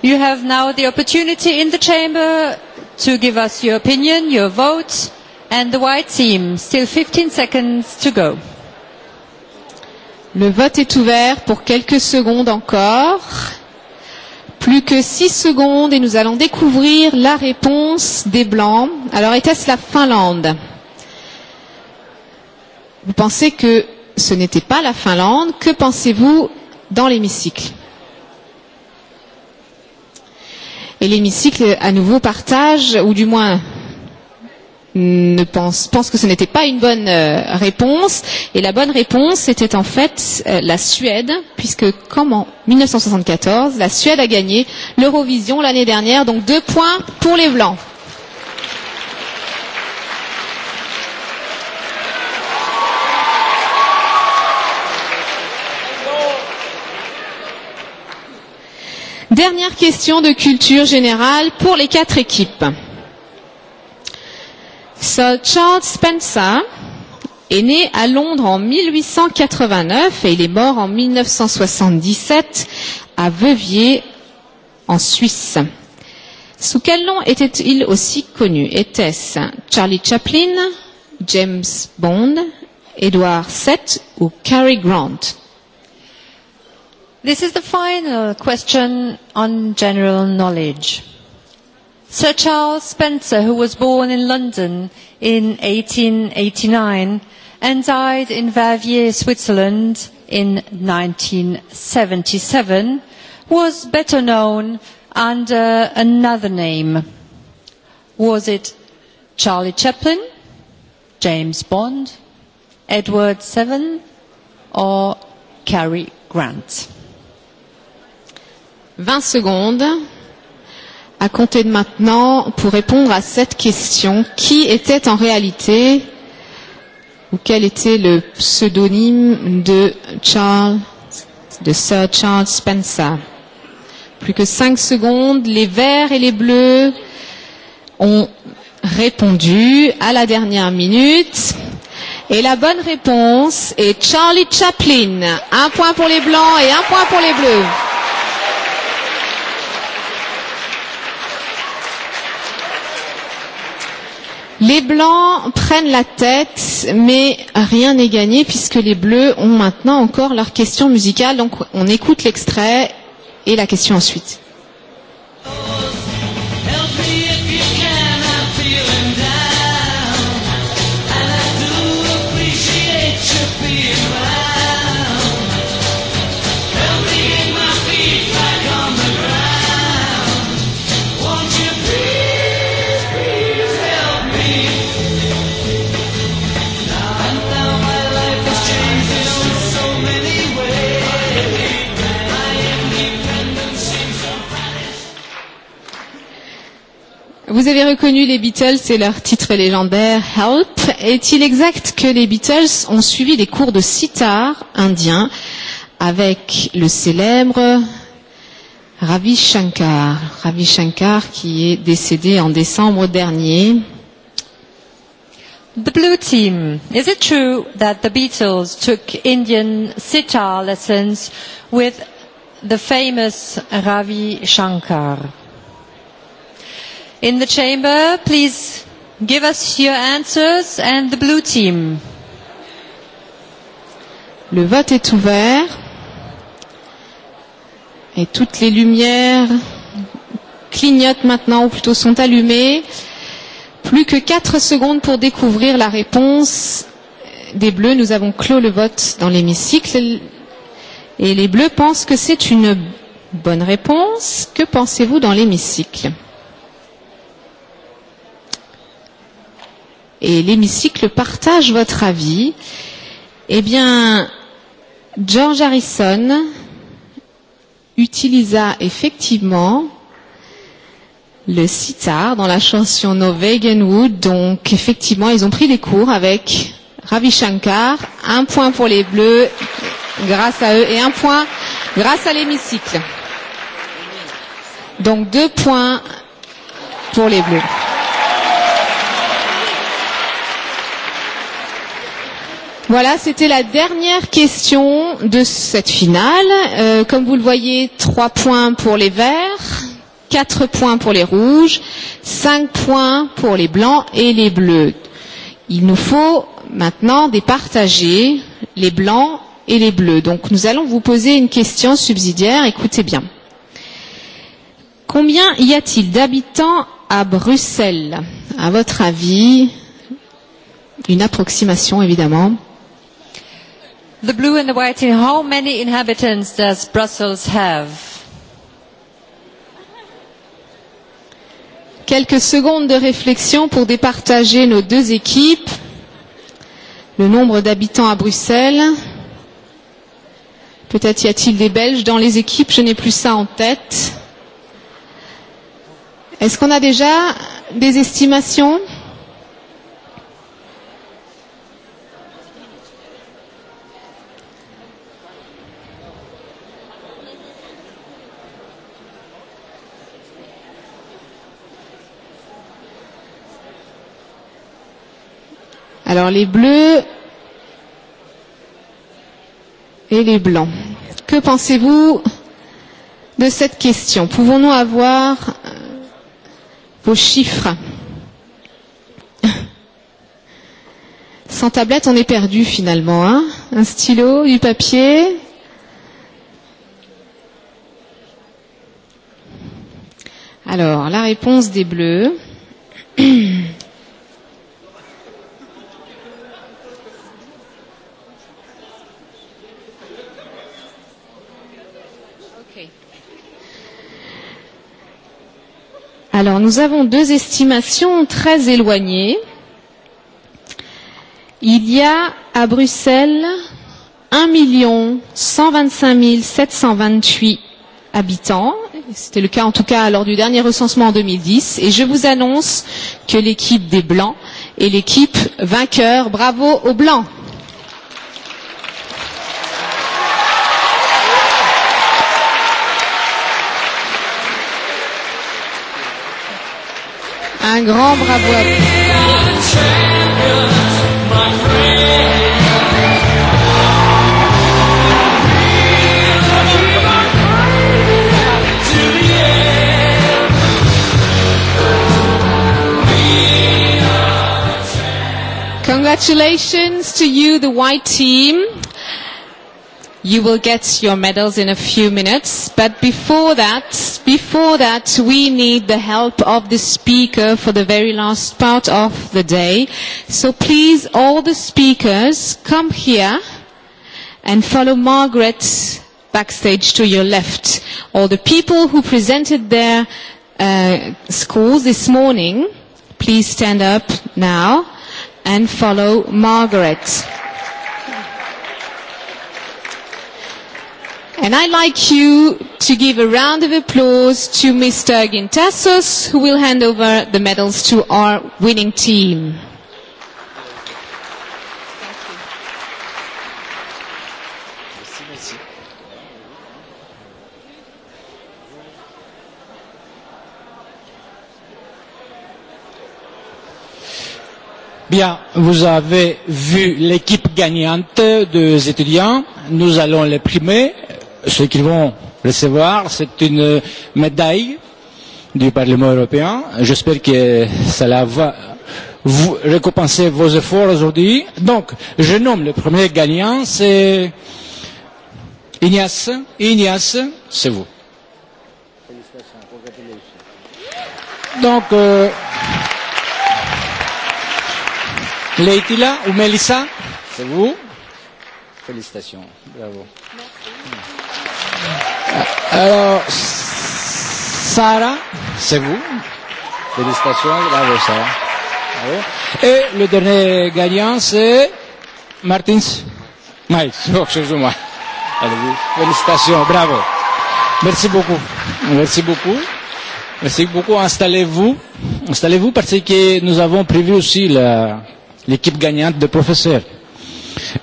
N: You have now the opportunity in the chamber to give us your opinion, your vote, and the white team. Still 15 seconds to go.
A: Le vote est ouvert pour quelques secondes encore. Plus que 6 secondes et nous allons découvrir la réponse des Blancs. Alors était-ce la Finlande Vous pensez que ce n'était pas la Finlande. Que pensez-vous dans l'hémicycle Et l'hémicycle à nouveau partage, ou du moins ne pense, pense que ce n'était pas une bonne euh, réponse. Et la bonne réponse était en fait euh, la Suède, puisque comme en 1974, la Suède a gagné l'Eurovision l'année dernière, donc deux points pour les Blancs. Dernière question de culture générale pour les quatre équipes. Sir Charles Spencer est né à Londres en 1889 et il est mort en 1977 à Veuviers en Suisse. Sous quel nom était-il aussi connu Était-ce Charlie Chaplin, James Bond, Edward VII ou Cary Grant This is the final question
N: on general knowledge. Sir Charles Spencer, who was born in London in 1889 and died in Verviers, Switzerland in 1977, was better known under another name. Was it Charlie Chaplin, James Bond, Edward Seven,
A: or Cary Grant? 20 secondes à compter de maintenant pour répondre à cette question. Qui était en réalité ou quel était le pseudonyme de Charles, de Sir Charles Spencer Plus que cinq secondes, les verts et les bleus ont répondu à la dernière minute. Et la bonne réponse est Charlie Chaplin. Un point pour les blancs et un point pour les bleus. Les blancs prennent la tête, mais rien n'est gagné puisque les bleus ont maintenant encore leur question musicale. Donc on écoute l'extrait et la question ensuite. Oh, avez reconnu les Beatles et leur titre légendaire Help, est-il exact que les Beatles ont suivi des cours de sitar indien avec le célèbre Ravi Shankar, Ravi Shankar qui est décédé en décembre dernier. The blue team,
N: is it true that the Beatles took Indian sitar lessons with the famous Ravi Shankar? in the chamber. Please give us your answers and the blue team.
A: Le vote est ouvert et toutes les lumières clignotent maintenant ou plutôt sont allumées. Plus que 4 secondes pour découvrir la réponse des bleus. Nous avons clos le vote dans l'hémicycle et les bleus pensent que c'est une bonne réponse. Que pensez-vous dans l'hémicycle et l'hémicycle partage votre avis. Eh bien, George Harrison utilisa effectivement le sitar dans la chanson No Vegan Wood. Donc, effectivement, ils ont pris des cours avec Ravi Shankar. Un point pour les Bleus grâce à eux et un point grâce à l'hémicycle. Donc, deux points pour les Bleus. Voilà, c'était la dernière question de cette finale. Euh, comme vous le voyez, trois points pour les verts, quatre points pour les rouges, cinq points pour les blancs et les bleus. Il nous faut maintenant départager les blancs et les bleus. Donc nous allons vous poser une question subsidiaire, écoutez bien. Combien y a-t-il d'habitants à Bruxelles À votre avis, une approximation évidemment the
N: blue and the white team, how many inhabitants does Brussels have?
A: Quelques secondes de réflexion pour départager nos deux équipes. Le nombre d'habitants à Bruxelles. Peut-être y a-t-il des Belges dans les équipes, je n'ai plus ça en tête. Est-ce qu'on a déjà des estimations Alors les bleus et les blancs. Que pensez-vous de cette question Pouvons-nous avoir euh, vos chiffres Sans tablette, on est perdu finalement. Hein Un stylo, du papier. Alors, la réponse des bleus. Alors, nous avons deux estimations très éloignées. Il y a à Bruxelles 1 125 728 habitants. C'était le cas en tout cas lors du dernier recensement en 2010. Et je vous annonce que l'équipe des Blancs est l'équipe vainqueur. Bravo aux Blancs.
D: Un grand bravo à vous.
A: Congratulations to you, the white team. You will get your medals in a few minutes, but before that, before that, we need the help of the speaker for the very last part of the day. So please, all the speakers, come here and follow Margaret backstage to your left. All the people who presented their uh, schools this morning, please stand up now and follow Margaret. And I'd like you to give a round of applause to Mr. Gintasos, who will hand over the medals to our winning team.
O: Bien, vous avez vu l'équipe gagnante des étudiants. Nous allons les primer ceux qui vont recevoir, c'est une médaille du Parlement européen. J'espère que cela va vous récompenser vos efforts aujourd'hui. Donc, je nomme le premier gagnant, c'est Ignace. Ignace, c'est vous. Donc, euh, Leitila ou Melissa, c'est vous. Félicitations,
D: bravo. Merci.
O: Alors, Sarah, c'est vous. Félicitations, bravo Sarah. Bravo. Et le dernier gagnant, c'est Martins. Mike, oh, excusez-moi. Allez-y. Félicitations, bravo. Merci beaucoup. Merci beaucoup. Merci beaucoup. Installez-vous. Installez-vous parce que nous avons prévu aussi l'équipe gagnante de professeurs.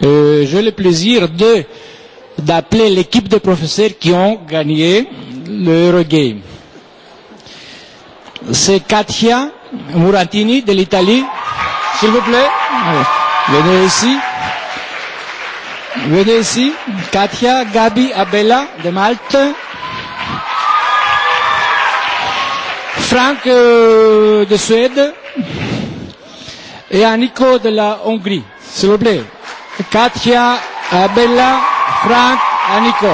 O: Euh, J'ai le plaisir de d'appeler l'équipe de professeurs qui ont gagné l'Eurogame. C'est Katia Muratini de l'Italie. S'il vous plaît, venez ici. Venez ici. Katia Gabi Abella de Malte. Franck euh, de Suède et Aniko de la Hongrie. S'il vous plaît. Katia Abella. Frank a Nico.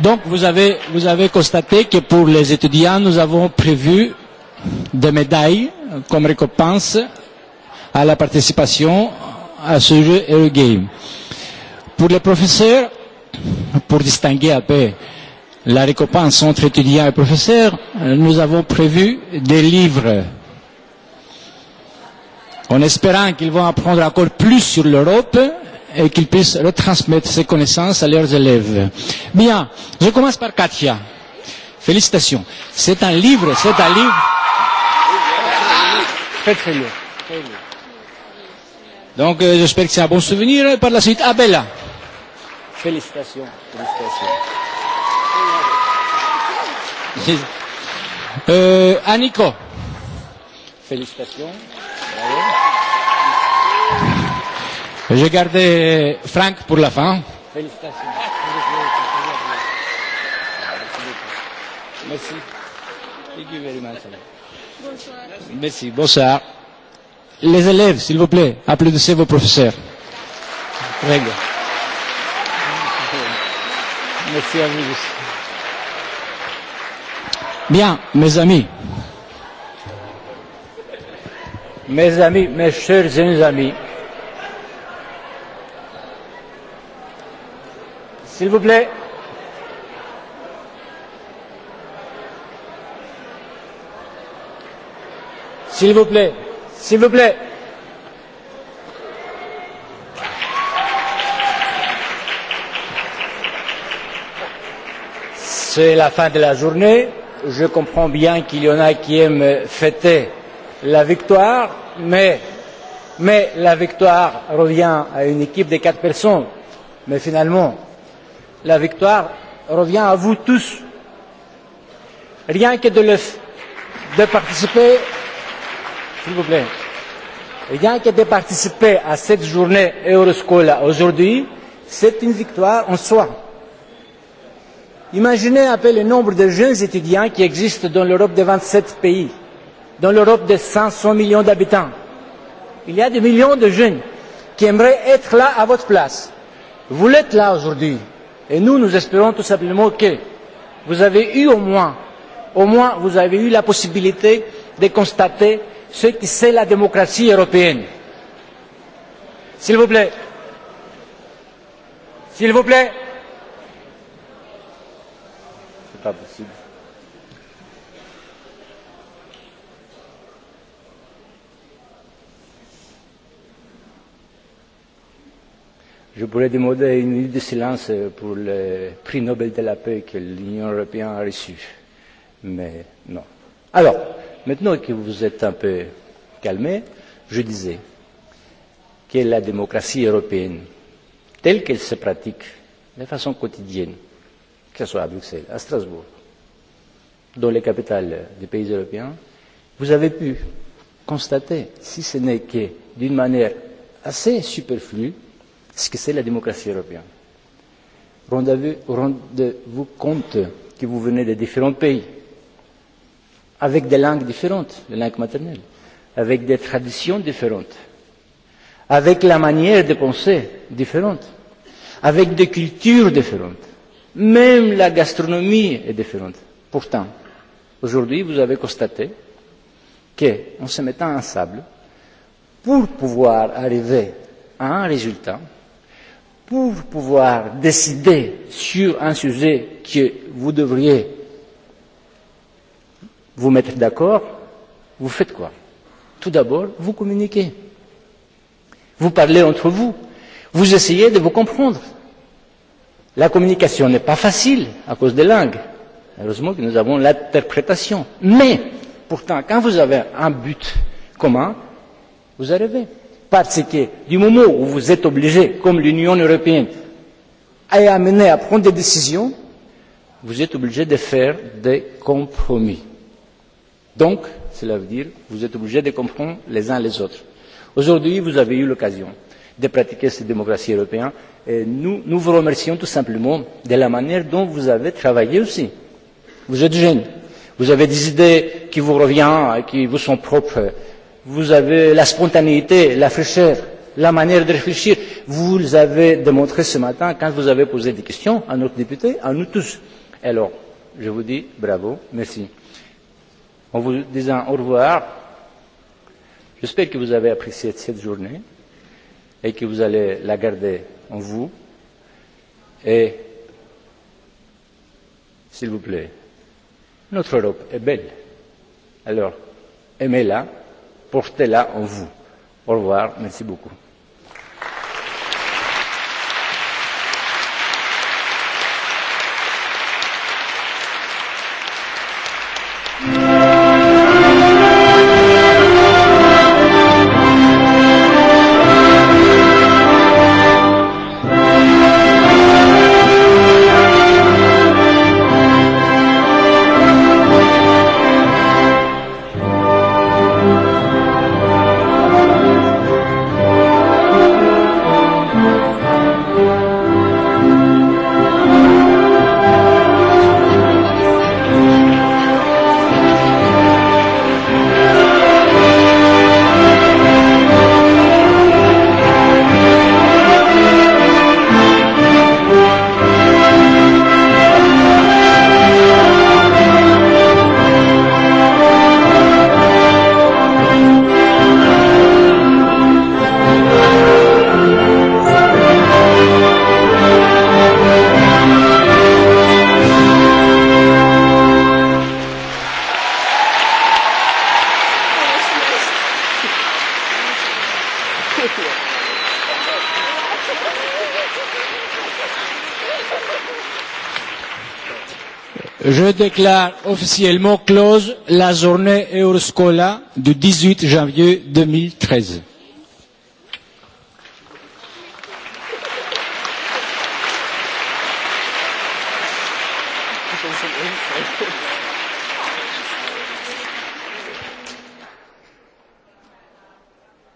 O: Donc vous avez, vous avez constaté que pour les étudiants, nous avons prévu des médailles comme récompense à la participation à ce jeu Eurogame. Pour les professeurs, pour distinguer un peu la récompense entre étudiants et professeurs, nous avons prévu des livres en espérant qu'ils vont apprendre encore plus sur l'Europe et qu'ils puissent retransmettre ces connaissances à leurs élèves. Bien, je commence par Katia. Félicitations. C'est un livre, c'est un livre. Très très lourd. Très lourd. Donc euh, j'espère que c'est un bon souvenir. Par la suite, Abella. Félicitations. Félicitations. euh, Aniko. Félicitations. Bravo. J'ai gardé Franck pour la fin. Félicitations. Merci. Thank you very much. Bonsoir. Merci. Bonsoir les élèves, s'il vous plaît, applaudissez vos professeurs. Règle. Merci à vous. Bien, mes amis. Mes amis, mes chers et amis. S'il vous plaît. S'il vous plaît. S'il vous plaît. C'est la fin de la journée. Je comprends bien qu'il y en a qui aiment fêter la victoire, mais, mais la victoire revient à une équipe de quatre personnes. Mais finalement, la victoire revient à vous tous. Rien que de, le, de participer s'il vous plaît. Rien que de participer à cette journée Euroscola aujourd'hui, c'est une victoire en soi. Imaginez un peu le nombre de jeunes étudiants qui existent dans l'Europe de 27 pays, dans l'Europe de 500 millions d'habitants. Il y a des millions de jeunes qui aimeraient être là à votre place. Vous l'êtes là aujourd'hui. Et nous, nous espérons tout simplement que vous avez eu au moins, au moins vous avez eu la possibilité de constater ce que c'est la démocratie européenne. S'il vous plaît. S'il vous plaît. C'est pas possible. Je pourrais demander une minute de silence pour le prix Nobel de la paix que l'Union européenne a reçu. Mais non. Alors, Maintenant que vous vous êtes un peu calmé, je disais que la démocratie européenne, telle qu'elle se pratique de façon quotidienne, que ce soit à Bruxelles, à Strasbourg, dans les capitales des pays européens, vous avez pu constater, si ce n'est que d'une manière assez superflue, ce que c'est la démocratie européenne. Rendez-vous compte que vous venez de différents pays, avec des langues différentes, les langues maternelles, avec des traditions différentes, avec la manière de penser différente, avec des cultures différentes. Même la gastronomie est différente. Pourtant, aujourd'hui, vous avez constaté qu'en se mettant en sable, pour pouvoir arriver à un résultat, pour pouvoir décider sur un sujet que vous devriez vous mettre d'accord, vous faites quoi Tout d'abord, vous communiquez. Vous parlez entre vous. Vous essayez de vous comprendre. La communication n'est pas facile à cause des langues. Heureusement que nous avons l'interprétation. Mais, pourtant, quand vous avez un but commun, vous arrivez. Parce que du moment où vous êtes obligé, comme l'Union européenne, à amener à prendre des décisions, vous êtes obligé de faire des compromis Donc, cela veut dire que vous êtes obligés de comprendre les uns les autres. Aujourd'hui, vous avez eu l'occasion de pratiquer cette démocratie européenne et nous, nous vous remercions tout simplement de la manière dont vous avez travaillé aussi. Vous êtes jeune, vous avez des idées qui vous reviennent, qui vous sont propres, vous avez la spontanéité, la fraîcheur, la manière de réfléchir. Vous avez démontré ce matin quand vous avez posé des questions à notre député, à nous tous. Alors, je vous dis bravo, merci en vous disant au revoir. J'espère que vous avez apprécié cette journée et que vous allez la garder en vous. Et s'il vous plaît, notre Europe est belle. Alors, aimez-la, portez-la en vous. Au revoir, merci beaucoup. déclare officiellement close la journée Euroscola du dix huit janvier deux mille treize.